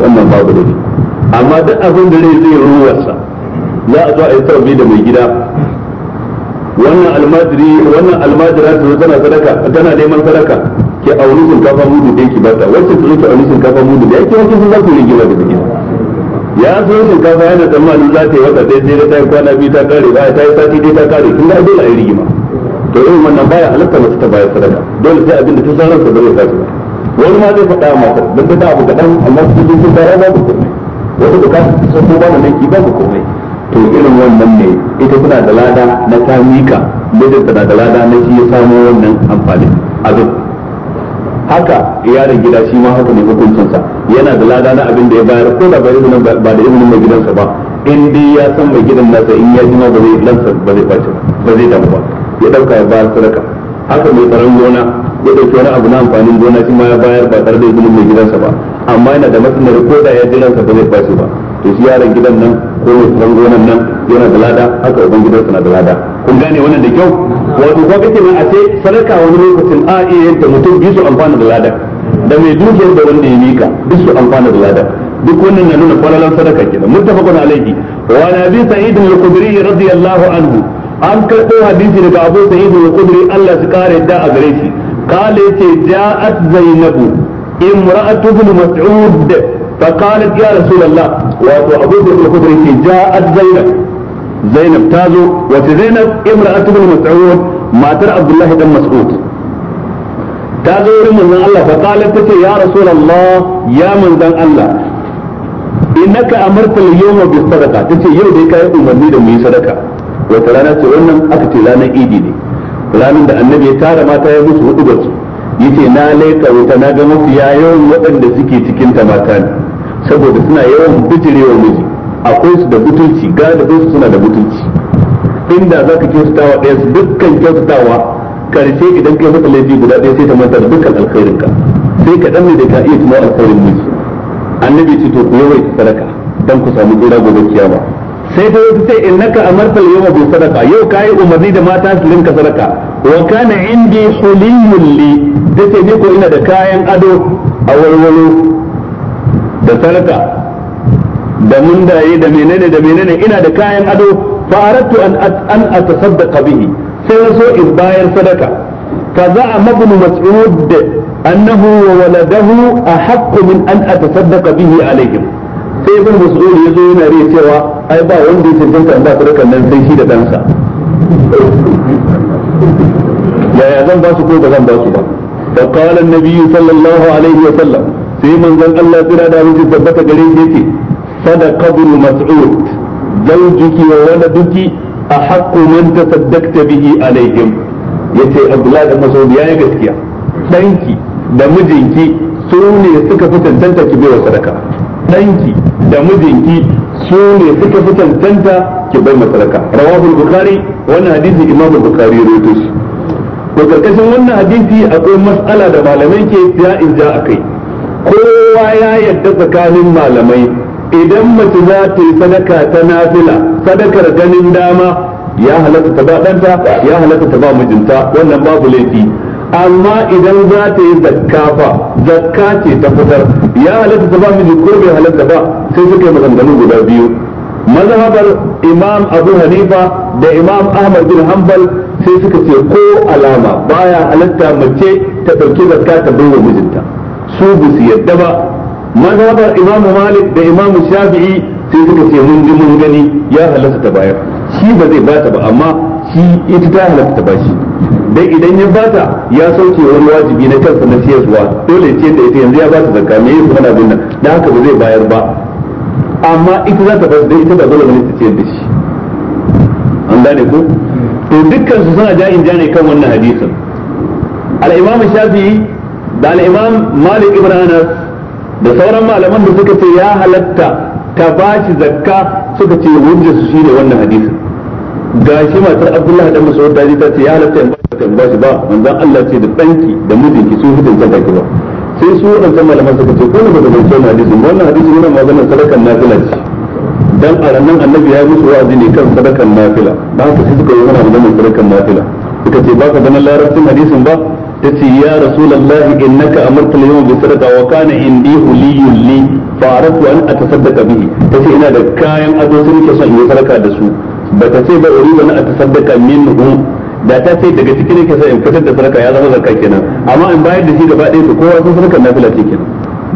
wannan babu laifi amma duk abin da rai zai rowarsa za a zo a yi sarbi da mai gida wannan almajiri wannan almajira ta zo tana sadaka tana neman sadaka ke auri shinkafa mudu da yake bata wacce ta zo ki auri shinkafa mudu da yake wacce sun za ku rigima da gida ya ka fa yana tsammanin za ta yi wata ɗaya sai da yi kwana biyu ta kare ba ta yi sati dai ta kare kin ga dole a yi rigima to irin wannan baya halatta mace ta bayar sadaka dole sai abin da ta san ransa ba zai tashi ba wani ma zai faɗa masa don ta abu kaɗan amma su sun sun bayar babu komai da bukata ta san ko mu nan ki ba ku komai to irin wannan ne ita tana da lada na ta mika mijinta na da lada na shi ya samo wannan a duk haka yaron gida shi ma haka ne hukuncinsa yana da lada na abin da ya bayar ko da ba nan ba da izinin mai gidansa ba in dai ya san mai gidan nasa in ya ji ma ba zai lansa ba zai ba ba zai damu ba ya dauka ya bayar sadaka haka mai tsaron gona ya dauki wani abu na amfanin gona shi ma ya bayar ba tare da izinin mai gidansa ba amma yana da matsalar ko da ya ji lansa ba zai ba ba to shi yaron gidan nan ko mai gonan nan yana da lada haka uban gidansa na da lada kun gane wannan da kyau wato ko kake nan a ce sadaka wani lokacin a iya yanta mutum biyu su amfana da lada da mai dukiyar da wanda ya mika duk su amfana da lada duk wannan na nuna falalan sadaka kenan muttafaqun alaihi wa nabi sa'id al-khudri radiyallahu anhu an karɓo hadisi daga abu sa'id al-khudri Allah su kare da a gare shi kale ce ja'at zainabu imra'atu ibn mas'ud فقالت يا رسول الله وعبود بن خضر جاءت زينب زينب تازو وفي امرأة بن مسعود ما ترى عبد الله بن مسعود تازو من الله فقالت يا رسول الله يا من ذن الله إنك أمرت اليوم بالصدقة تسي يو ديكا يمرني من صدقة وترانا سؤلنا أكتلانا إيدي لا النبي تارى ما تيبس وقبرسه yace na laika wuta na ga mafi yawan waɗanda suke cikin ta mata ne saboda suna yawan bijirewa miji akwai su da butulci galibin su suna da butulci inda za ka kyautatawa ɗaya su dukkan kyautatawa karshe idan kai masa laifi guda ɗaya sai ta manta da dukkan alkhairin sai ka ne da ka iya tuno alkhairin miji annabi ce to ku yawaita sadaka dan ku samu tsira gobe kiyama sai ta wata ce innaka amarta al-yawma bi sadaqa yau ka yi umarni da mata su linka sadaka wa kana indi huliyun li da ce ni ko ina da kayan ado a walwalo da sadaka da mundaye da menene da menene ina da kayan ado fa aradtu an an atasaddaqa bihi sai na so in bayar sadaka fa za'a ibn mas'ud annahu wa waladahu ahqqu min an atasaddaqa bihi alaihim sai ibn mas'ud ya zo yana rai cewa ai ba wanda ya cancanta ba sadakan nan sai shi da ɗansa yaya zan ba su ko ba zan ba su ba فقال النبي sallallahu alaihi wa sallam sai manzon Allah tsira da wuce tabbata gare shi yake sadaqa bin mas'ud zawjuki wa waladuki ahaqqu man tasaddaqta bihi alaihim yace Abdullah da Mas'ud ya yi gaskiya danki da mijinki su ne suka fi tantanta ki bai sadaka danki da mijinki su ne suka fi cancanta ki bai masaraka rawahul bukhari wannan hadisi imam bukhari ya rawaito shi to karkashin wannan hadisi akwai mas'ala da malamai ke in ja akai kowa ya yadda tsakanin malamai idan mace za ta yi sadaka ta nafila sadakar ganin dama ya halatta ta ba ya halatta ta ba mijinta wannan babu laifi amma idan za ta yi zakka fa zakka ce ta fitar ya halatta ta ba miji ko bai halatta ba sai suka yi maganganu guda biyu mazhabar imam abu hanifa da imam ahmad bin hanbal sai suka ce ko alama baya halatta mace ta dauki zakka ta bai wa mijinta su bu su yadda ba mazhabar imam malik da imam shafi'i sai suka ce mun ji mun gani ya halatta ta bayar shi ba zai bata ba amma shi ita ta halatta ta bashi Dai idan ya bata ya sauke wani wajibi na kansa na siyarwa dole ce da ita yanzu ya bata zakka me yake mana bin nan dan haka ba zai bayar ba amma ita za ta bar da ita da dole ne ta ce da shi an gane ko to dukkan su suna ja'in ja ne kan wannan hadisin al-imam shafi'i da al-imam malik ibn anas da sauran malaman da suka ce ya halatta ta bashi zakka suka ce hujjar su shine wannan hadisin gashi matar abdullahi dan mas'ud da ta ce ya halatta suka ba shi ba manzon Allah ce da danki da mijinki su hudun zaka ki ba sai su wadannan malaman suka ce ko ne da zai ce hadisin wannan hadisi yana magana sadakan nafila ce dan a ranan annabi ya musu wa'azi ne kan sadakan nafila dan haka sai suka yi mana magana sadakan nafila suka ce ba ka ganin larabcin hadisin ba tace ya rasulullahi innaka amartu al-yawma bi sadaqa wa kana indi huliyun li fa aradtu an atasaddaqa bihi tace ina da kayan ado sun ke son yi sadaka da su ba ta ce ba uriba na atasaddaqa minhu da ta ce daga cikin yake sai in fitar da sarka ya zama zakka kenan amma in bayar da shi gaba ɗaya to kowa sun sadaka nafila ce kenan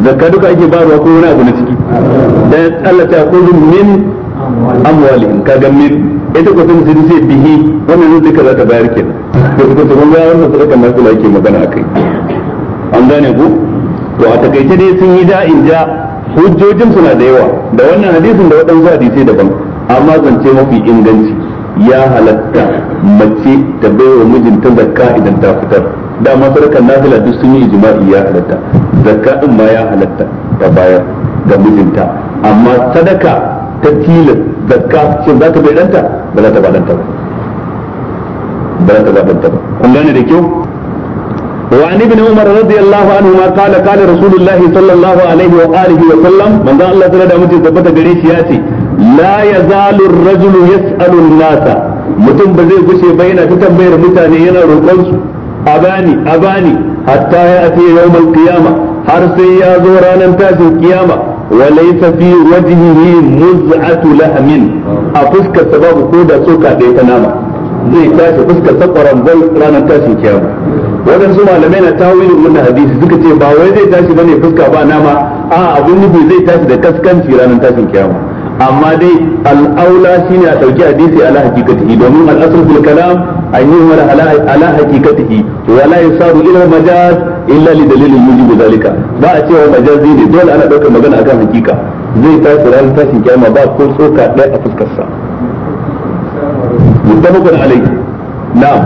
zakka duka ake bayarwa ko wani abu na ciki da Allah ta kudu min amwalihim ga min ita ko sun sai sai bihi wannan ne duka zaka bayar kenan to duka to mun ga wannan sadaka nafila ke magana akai an gane ku to a takaice dai sun yi da'in ja hujjojin suna da yawa da wannan hadisin da waɗansu hadisai daban amma zance mafi inganci ya halatta mace ta bai wa mijinta zakka idan ta fitar dama sadakar nafila duk sun yi ijma'i ya halatta zakka din ma ya halatta ta bayar ga mijinta amma sadaka ta tilin zakka ce za ta bai danta ba za ta ba danta ba ba za ta ba danta ba kun gane da kyau وعن ابن عمر رضي الله عنهما قال قال رسول الله صلى الله عليه وآله وسلم من ذا الله تعالى دعوته ثبت قريش ياتي la yazalu ar-rajulu yas'alu an-nasa mutum ba zai gushe ba yana ta tambayar mutane yana roƙon su a bani hatta ya ati yawmal qiyama har sai ya zo ranar tashin kiyama wa laysa fi wajhihi muz'atu lahmin a fuskar sa babu ko da soka ɗaya ta nama zai tashi fuskar sa ƙwarambal ranar tashin kiyama waɗansu malamai na tawili wannan hadisi suka ce ba wai zai tashi bane fuska ba nama a abin nufi zai tashi da kaskanci ranar tashin kiyama amma dai al'aula ne a dauki hadisi ala hakikatihi domin al'asr fil kalam an yi wala ala hakikatihi wala ya yusaru ila majaz illa li dalilin yujibu zalika ba a cewa majazi ne dole ana daukar magana akan hakika zai tashi ranar tashin kiyama ba ko tsoka ɗaya a fuskar sa mutabakun alai na'am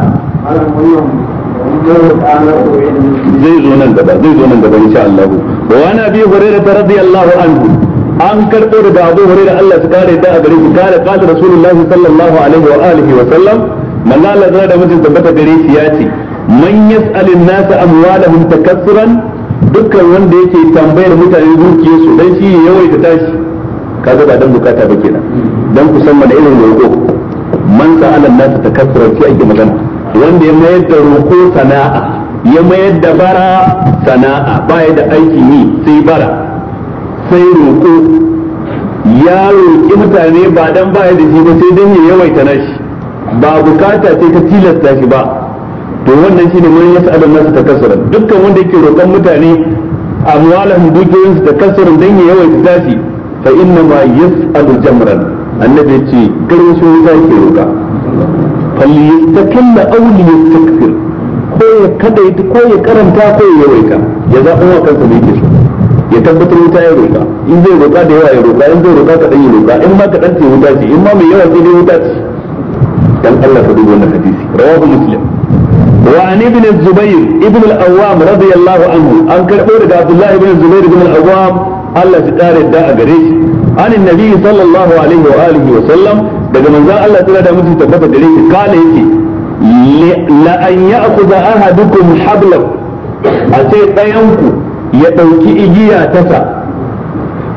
zai zo nan gaba zai zo nan gaba insha Allah wa ana bi hurairah radiyallahu anhu an karɓo daga abu hore da Allah su kare da a gare shi kare kasa rasulullah sallallahu alaihi wa alihi wa sallam manzo Allah zai da mutum tabbata gare shi ya ce man yas'alin da amwalahum takassuran dukkan wanda yake tambayar mutane dukiyar su dan shi yawai ta tashi kaga ba dan bukata ba kenan dan ku san mana irin roƙo man sa'ala nas takassuran shi ake magana wanda ya mayar da roƙo sana'a ya mayar da bara sana'a baya da aikin yi sai bara akwai roƙo ya roƙi mutane ba dan baya da shi ba sai dan ya yawaita shi ba bukata sai ka tilasta shi ba to wannan shine mun yas'alu nasu takassura dukkan wanda yake roƙon mutane amwalahum dukiyoyin su takassura dan ya yawaita tashi fa inna ma yas'alu jamran annabi ce garwaso zaki roƙa falyastakilla aw liyastakfir ko ya kadaita ko ya karanta ko ya yawaita ya zaɓa wa kansa da yake so ya tabbatar wuta ya roƙa in zai roƙa da yawa ya roƙa in zai roƙa kaɗan ya roƙa in ma kaɗan ce wuta ce in ma mai yawa ce dai wuta ce dan Allah ka duba wannan hadisi rawahu muslim وعن ابن الزبير ابن الأوام رضي الله عنه أن كربور عبد الله ابن الزبير ابن da الله تعالى داء قريش عن النبي صلى الله عليه وآله وسلم daga manzon Allah tana da mutum tabbata gare shi kala yake la an ya'khudha ahadukum hablahu a ce dayan ku ya ɗauki igiya tasa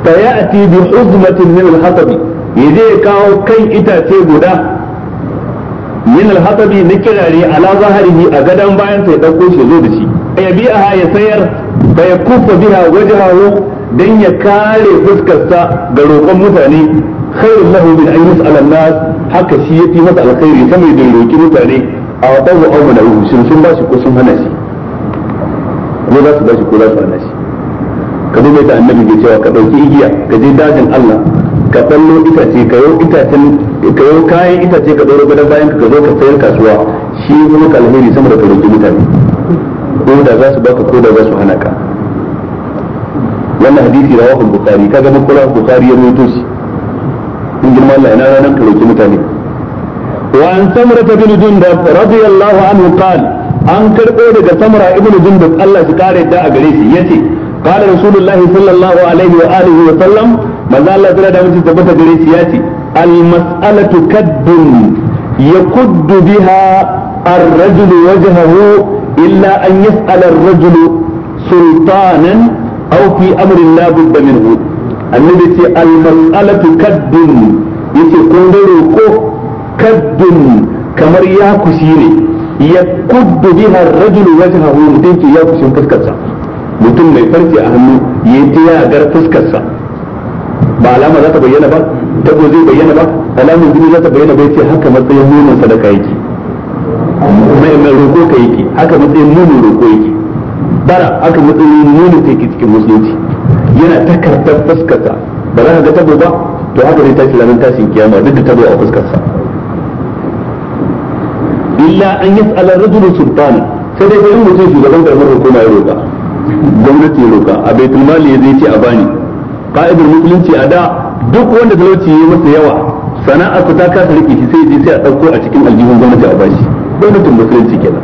fa ya'ti bi uzmatin min al-hatab yaje ya kawo kan itace guda min al na kirare ala zaharihi a gadon bayan sai dauko shi zo da shi ya bi'aha ya sayar fa ya kufa biha wajhahu dan ya kare fuskarsa ga roƙon mutane khairul lahu min an yus'ala nas haka shi fi masa alkhairi kamar da roƙi mutane a wadahu aw malahu shin sun ba shi ko sun hana shi ko za su ba shi ko za su hana shi ka duba da annabi ke cewa ka ɗauki igiya ka je dajin Allah ka tsallo itace ka yau itacen ka yau kayan itace ka ɗauro gadon bayan ka zo ka sayar kasuwa shi kuma ka alheri sama da ka roƙi mutane ko da za su baka ko da za su hana ka wannan hadisi rawahu bukari ka gama kula bukari ya rawaito shi in girma Allah ina ranar ka roƙi mutane وعن سمرة بن جندب رضي الله عنه قال an karɓo daga samra ibnu jundub Allah su kare da a gare shi yace qala rasulullahi sallallahu alaihi wa alihi wa sallam manzo Allah tsira da mutum tabbata gare shi yace al mas'alatu kaddun yakuddu biha الرجل وجهه إلا أن يسأل الرجل سلطانا أو في أمر لا بد منه annabi ce almas'alatu kaddun yace kun ga roko kaddun kamar ya kushi ne ya kuddu biha rajulu wajhahu mutum ke ya kushin fuskarsa mutum mai farce a hannu ya yi tiya gar fuskarsa ba alama za ta bayyana ba tabo zai bayyana ba alamun jini za ta bayyana ba yace haka matsayin nunin sadaka yake mai mai roko ka yake haka matsayin nunin roko yake bara haka matsayin nunin ta yake cikin musulunci yana takardar fuskarsa ba za ka ga tabo ba to haka zai ta ranar tashin kiyama duk da tabo a fuskarsa illa an yas'ala ar-rajulu sultana sai dai irin mutum shugaban karamar hukuma ya roka gwamnati ya roka a baitul mali ya zai ce a bani ka'idar musulunci a da duk wanda talauci ya masa yawa sana'a ku ta kasa rike shi sai je sai a dauko a cikin aljihun gwamnati a bashi gwamnatin musulunci kenan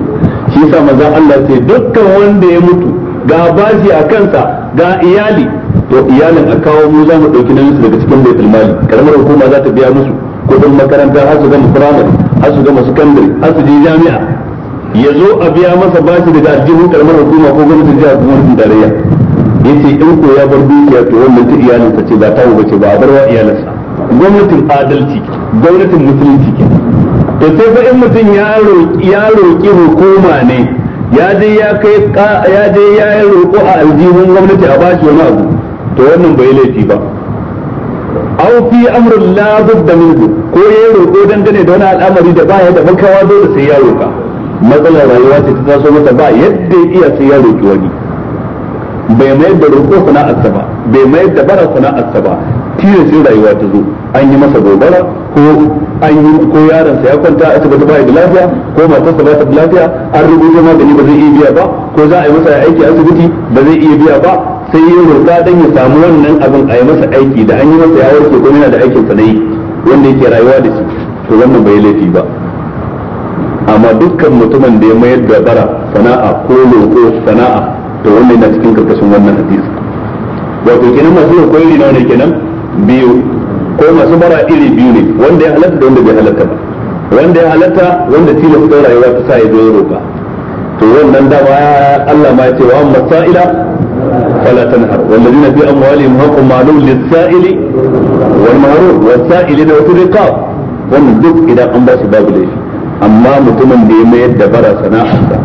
shi yasa maza Allah ce dukkan wanda ya mutu ga bashi a kansa ga iyali to iyalin a kawo mu za mu dauki nauyinsu daga cikin baitul mali karamar hukuma za ta biya musu kudin makaranta har su gama firamare har su gama sakandare har su je jami'a ya zo a biya masa bashi daga aljihun karamar hukuma ko gwamnatin jihar ko gwamnatin tarayya yace in ko ya bar dukiya to wannan ta iyalinsa ce ba ta ba ce ba a bar wa iyalinsa gwamnatin adalci gwamnatin musulunci ke to sai fa in mutum ya roƙi hukuma ne ya je ya kai ya je ya roƙo a aljihun gwamnati a bashi wani abu to wannan bai laifi ba aw fi amrin la budda minhu ko yayi roƙo dangane da wani al'amari da baya da bakawa dole sai ya roƙa matsalar rayuwa ce ta taso mata ba yadda iya sai ya roƙi wani bai mayar da roƙo sana'arsa ba bai mayar da bara sana'arsa ba tilas sai rayuwa ta zo an yi masa gobara ko an yi ko yaron sa ya kwanta a asibiti ba da lafiya ko matarsa ba ta da lafiya an rubuta magani ba zai iya biya ba ko za a yi masa aiki a asibiti ba zai iya biya ba sai yi roƙa dan ya samu wannan abin a yi masa aiki da an yi masa ya warke kuma yana da aikin sa dai wanda yake rayuwa da shi to wannan bai laifi ba amma dukkan mutumin da ya mayar da bara sana'a ko loko sana'a to wannan yana cikin karkashin wannan hadisi wato kenan masu yin koyi na wani kenan biyu ko masu bara iri biyu ne wanda ya halatta da wanda bai halatta ba wanda ya halatta wanda tilasta rayuwa ta sa ya zo ya roƙa to wannan dama Allah ma ya ce wa amma sa'ila ولا تنهر والذين في أموالهم حق معلوم للسائل والمعروف والسائل da wasu riqab wannan duk idan an ba shi babu laifi amma mutumin da ya mayar da bara sana'arsa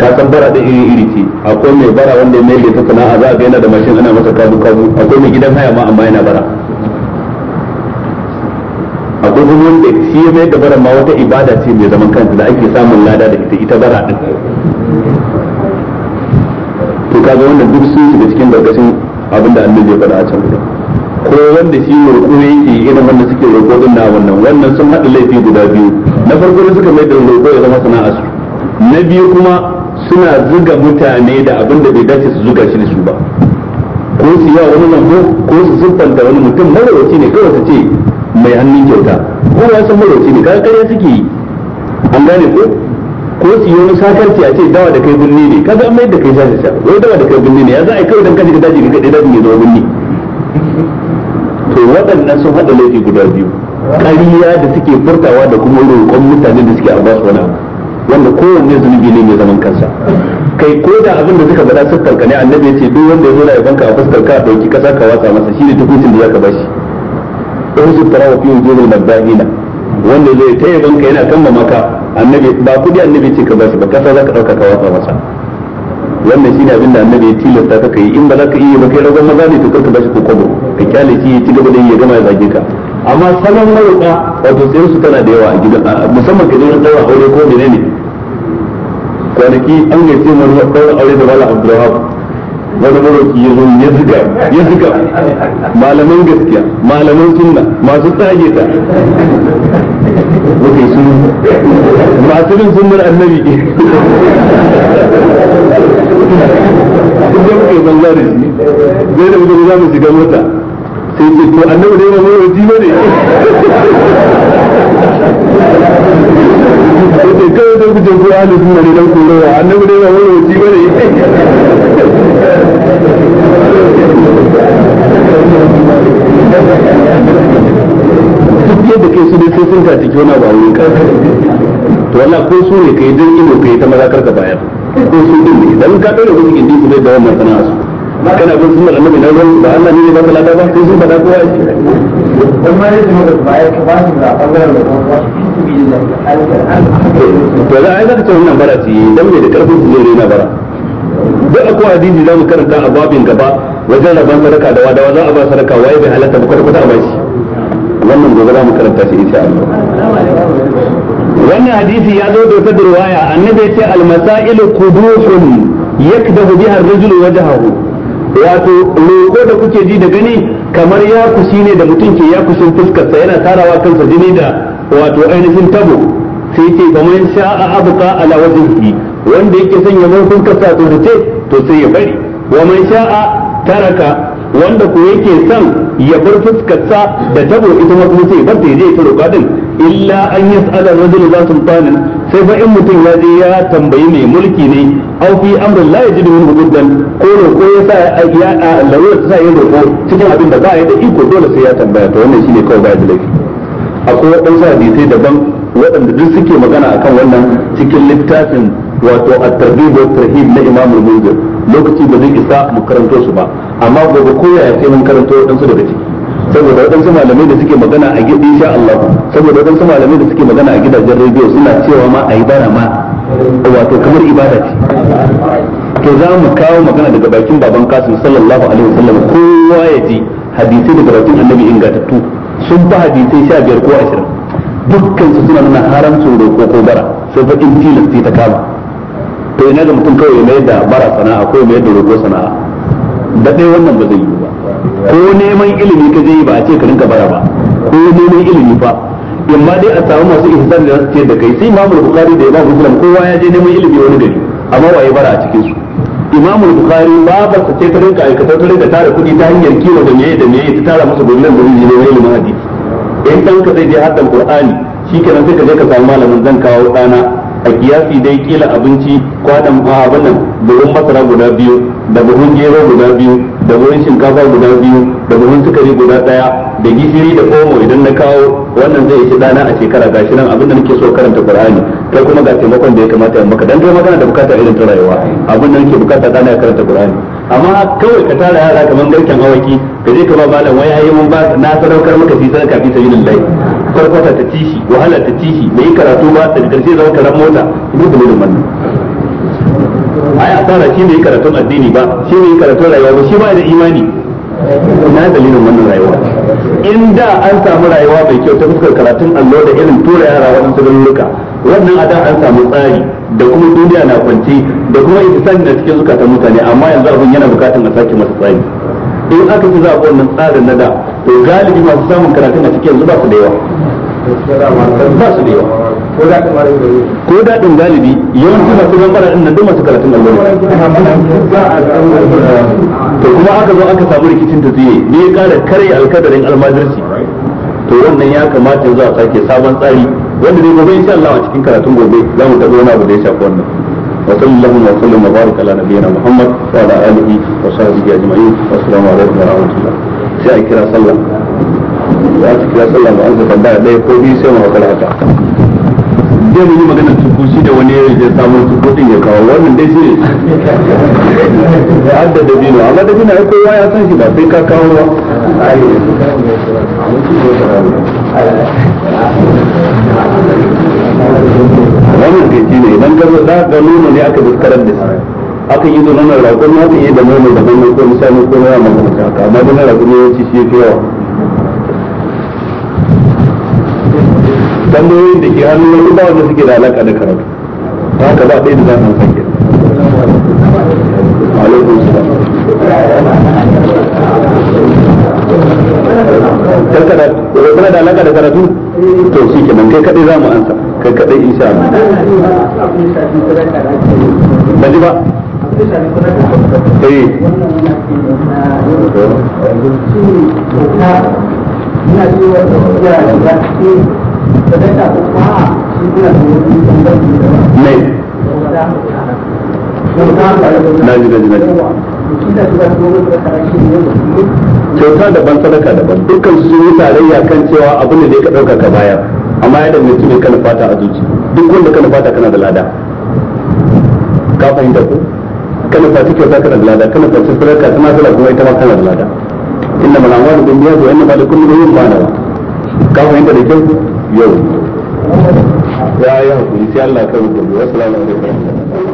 ka san bara da iri iri ce akwai mai bara wanda ya mayar da ta sana'a za a ga da mashin ana masa kabu kabu akwai mai gidan haya ma amma yana bara akwai wanda shi ya mayar da bara ma wata ibada ce mai zaman kanta da ake samun lada da ita ita bara kaga wanda duk sun shiga cikin gargashin abinda annabi ya faɗa a can guda ko wanda shi roƙo ne yake irin wanda suke roƙo din na wannan wannan sun haɗa laifi guda biyu na farko da suka mai da roƙo ya zama sana'a su na biyu kuma suna zuga mutane da abin da bai dace su zuga shi da su ba ko su yi wani lambu ko su siffanta wani mutum marawaci ne kawai su ce mai hannun kyauta ko ya san marawaci ne kaga kare suke yi an gane ko ko su yi wani sakarci a ce dawa da kai birni ne kaga an mai da kai jajin shaka ko dawa da kai birni ne ya za a yi kawai dan kaji ka daji ka dai ne zuwa birni to waɗannan sun haɗa laifi guda biyu ƙariya da suke furtawa da kuma roƙon mutane da suke a basu wani wanda kowanne zunubi ne mai zaman kansa kai ko da abin da suka faɗa fuskar ne annabi ya ce duk wanda ya zo na ka a fuskar ka ɗauki ƙasa ka watsa masa shi ne tukuncin da zaka bashi ɗan su tarawa fi wujudul zuwa wanda zai ta yabanka yana kan mamaka annabi ba kudi annabi ce ka basu ba kasa za ka dauka ka wasa masa wannan shine abin da annabi ya tilasta ka yi in ba za ka iya ba kai ragon maza ne to ka bashi ko kobo ka kyale shi ya ci gaba da ya gama ya zage ka amma salon mawuka wato sai su tana da yawa a gidan musamman ka je daura aure ko menene kwanaki an gaje mu daura aure da Malam Abdulrahman wani marauki ya zo ya zuga ya zuga malaman gaskiya malaman sunna masu tsage ta muke su masu bin sunnar annabi ke kun ga shi zai da mutum za mu shiga mota sai ce to annabi ne ne sai ce kawai don don annabi ne ne duk yadda kai su dai sai sun ka ciki wani bawo ka to wala ko su ne kai dan ido kai ta maza karka bayar ko su din ne dan ka dole ku cikin dinki da wannan sana'a su kana annabi na ran ba Allah ne ba ka lada ba sai sun fada kowa shi dan ma yake maka bayar ka ba su da bangaren da kuma su bi da alƙal'an to za a yi zaka wannan bara ce dan me da karfin su ne na bara duk akwai hadisi za mu karanta a babin gaba wajen rabon sadaka da wadawa za a ba sadaka waye bai halatta ba kwata kwata a bashi wannan gobe za mu karanta shi insha Allah wannan hadisi ya zo da wata riwaya annabi ya ce al-masail quduhun yakdahu biha ar rajul wajhahu wato roƙo da kuke ji da gani kamar ya kushi ne da mutum ke ya kushin fuskarsa yana tarawa kansa jini da wato ainihin tabo sai ce kamar sha'a abuka ala wajhihi wanda yake son ya mun sun kasa tsorace to sai ya bari wa man sha'a taraka wanda ko yake son ya bar fuskarsa da tabo ita ma kuma sai ya bar je ta roƙa din illa an yas'ala rajul za sultanin sai fa in mutum ya je ya tambayi mai mulki ne au fi amrin la yajidu min buddan ko ko ya sa ya a ta sa ya roƙo cikin abin da ba yi da iko dole sai ya tambaya to wannan shine kawai ba da laifi akwai wadansu hadisi daban waɗanda duk suke magana akan wannan cikin littafin wato at-targhib wa tarhib na Imam al-Munzir lokaci ba zai isa mu karanto su ba amma gobe ko yaya sai mun karanto waɗansu daga ciki saboda waɗansu malamai da suke magana a gidi insha Allah saboda waɗansu malamai da suke magana a gidajen rediyo suna cewa ma a yi bara ma wato kamar ibada ce to za mu kawo magana daga bakin baban Kasim sallallahu alaihi wasallam kowa ya ji hadisi daga bakin annabi ingantattu sun fi hadisai sha biyar ko ashirin dukkan su suna nuna haramcin roƙo ko bara sai fa in tilas ta kama to ina ga mutum kawai mai da bara sana'a ko mai da roƙo sana'a da dai wannan ba zai yi ba ko neman ilimi ka je ba a ce ka rinka bara ba ko neman ilimi fa ma dai a samu masu ihsan da ce da kai sai Imam Bukhari da Imam Muslim kowa ya je neman ilimi wani gari amma waye bara a cikin su imamul Bukhari babarsa ce ta rinka aikata ta rinka tara kuɗi ta hanyar kiwo da meye da meye ta tara masa gurbin da ne neman ilimin hadisi in dan ka zai je hadan qur'ani shikenan sai ka je ka samu malamin zan kawo dana a kiyasi dai kila abinci kwanan abin nan buhun masara guda biyu da buhun gero guda biyu da buhun shinkafa guda biyu da buhun sukari guda daya da gishiri da omo idan na kawo wannan zai ci dana a shekara gashi nan abin da nake so karanta qur'ani kai kuma ga taimakon da ya kamata in maka dan kai magana da bukata irin ta rayuwa abin da nake bukata dana ya karanta qur'ani amma kawai ka tara yara kamar garken awaki ka je ka ba malam wai ayi mun ba na sadaukar maka fi sadaka fi sabilillah farfata ta ci shi wahala ta ci shi bai karatu ba daga karshe zama karan mota ni da mun wannan ai asara shi ne karatun addini ba shi ne karatun rayuwa ba shi ba da imani ina dalilin wannan rayuwa in da an samu rayuwa mai kyau ta fuskar karatun allo da irin tura yara waɗansu garuruka wannan a da an samu tsari da kuma duniya na kwance da kuma ihsani na cikin zukatan mutane amma yanzu abin yana bukatun a sake masu tsari in aka fi a wannan tsarin na da to galibi masu samun karatun a cikin yanzu ba su da yawa ba su da yawa ko daɗin galibi yawancin masu gambara ɗin nan duk masu karatun allon to kuma aka zo aka samu rikicin ta zuye ne ya ƙara karya alkadarin almajirci to wannan ya kamata yanzu a sake sabon tsari wanda dai gobe insha Allah a cikin karatun gobe za mu taɓa wani abu da ya shafi wannan wa sallallahu wa sallam wa baraka ala nabiyyina muhammad wa ala alihi wa sahbihi ajma'in assalamu alaikum wa rahmatullah sai a kira sallah da aka kira sallah ba an zata da dai ko bi sai mu hakura ta dai mun yi maganar tuku shi da wani ya samu tuku din ya kawo wannan dai shi ya adda da bino amma da bino ai kowa ya san shi ba sai ka kawo ba wannan gaji ne idan ka zo da nono ne aka duskarar da shi aka yi zo nonon rago ma zai yi da nono da nono ko misali ko nawa makamata haka amma nonon rago ne yawanci shi fi yawa tambayoyin da ke hannu wasu ba wanda suke da alaka da karatu ta haka ba ɗaya da za mu sake alaikum salam kana da alaka da karatu to shi kenan kai kadai za mu ansa kai kadai insha Allah ba ba eh ina ji wa ya shi da ne na ji na ji na ji kyauta daban sadaka daban dukkan su yi tarayya kan cewa abin da ne ka ɗauka ka bayar amma ya danganci ne kana fata a zuci duk wanda kana fata kana da lada ka fahimta ko kana fata kyauta kana da lada kana fata sadaka tana da kuma ita ma kana da lada inna mal amwalu bin niyya wa inna malikun min yawm bana ka fahimta da kyau yau ya yi hakuri sai Allah ka rubuta assalamu alaikum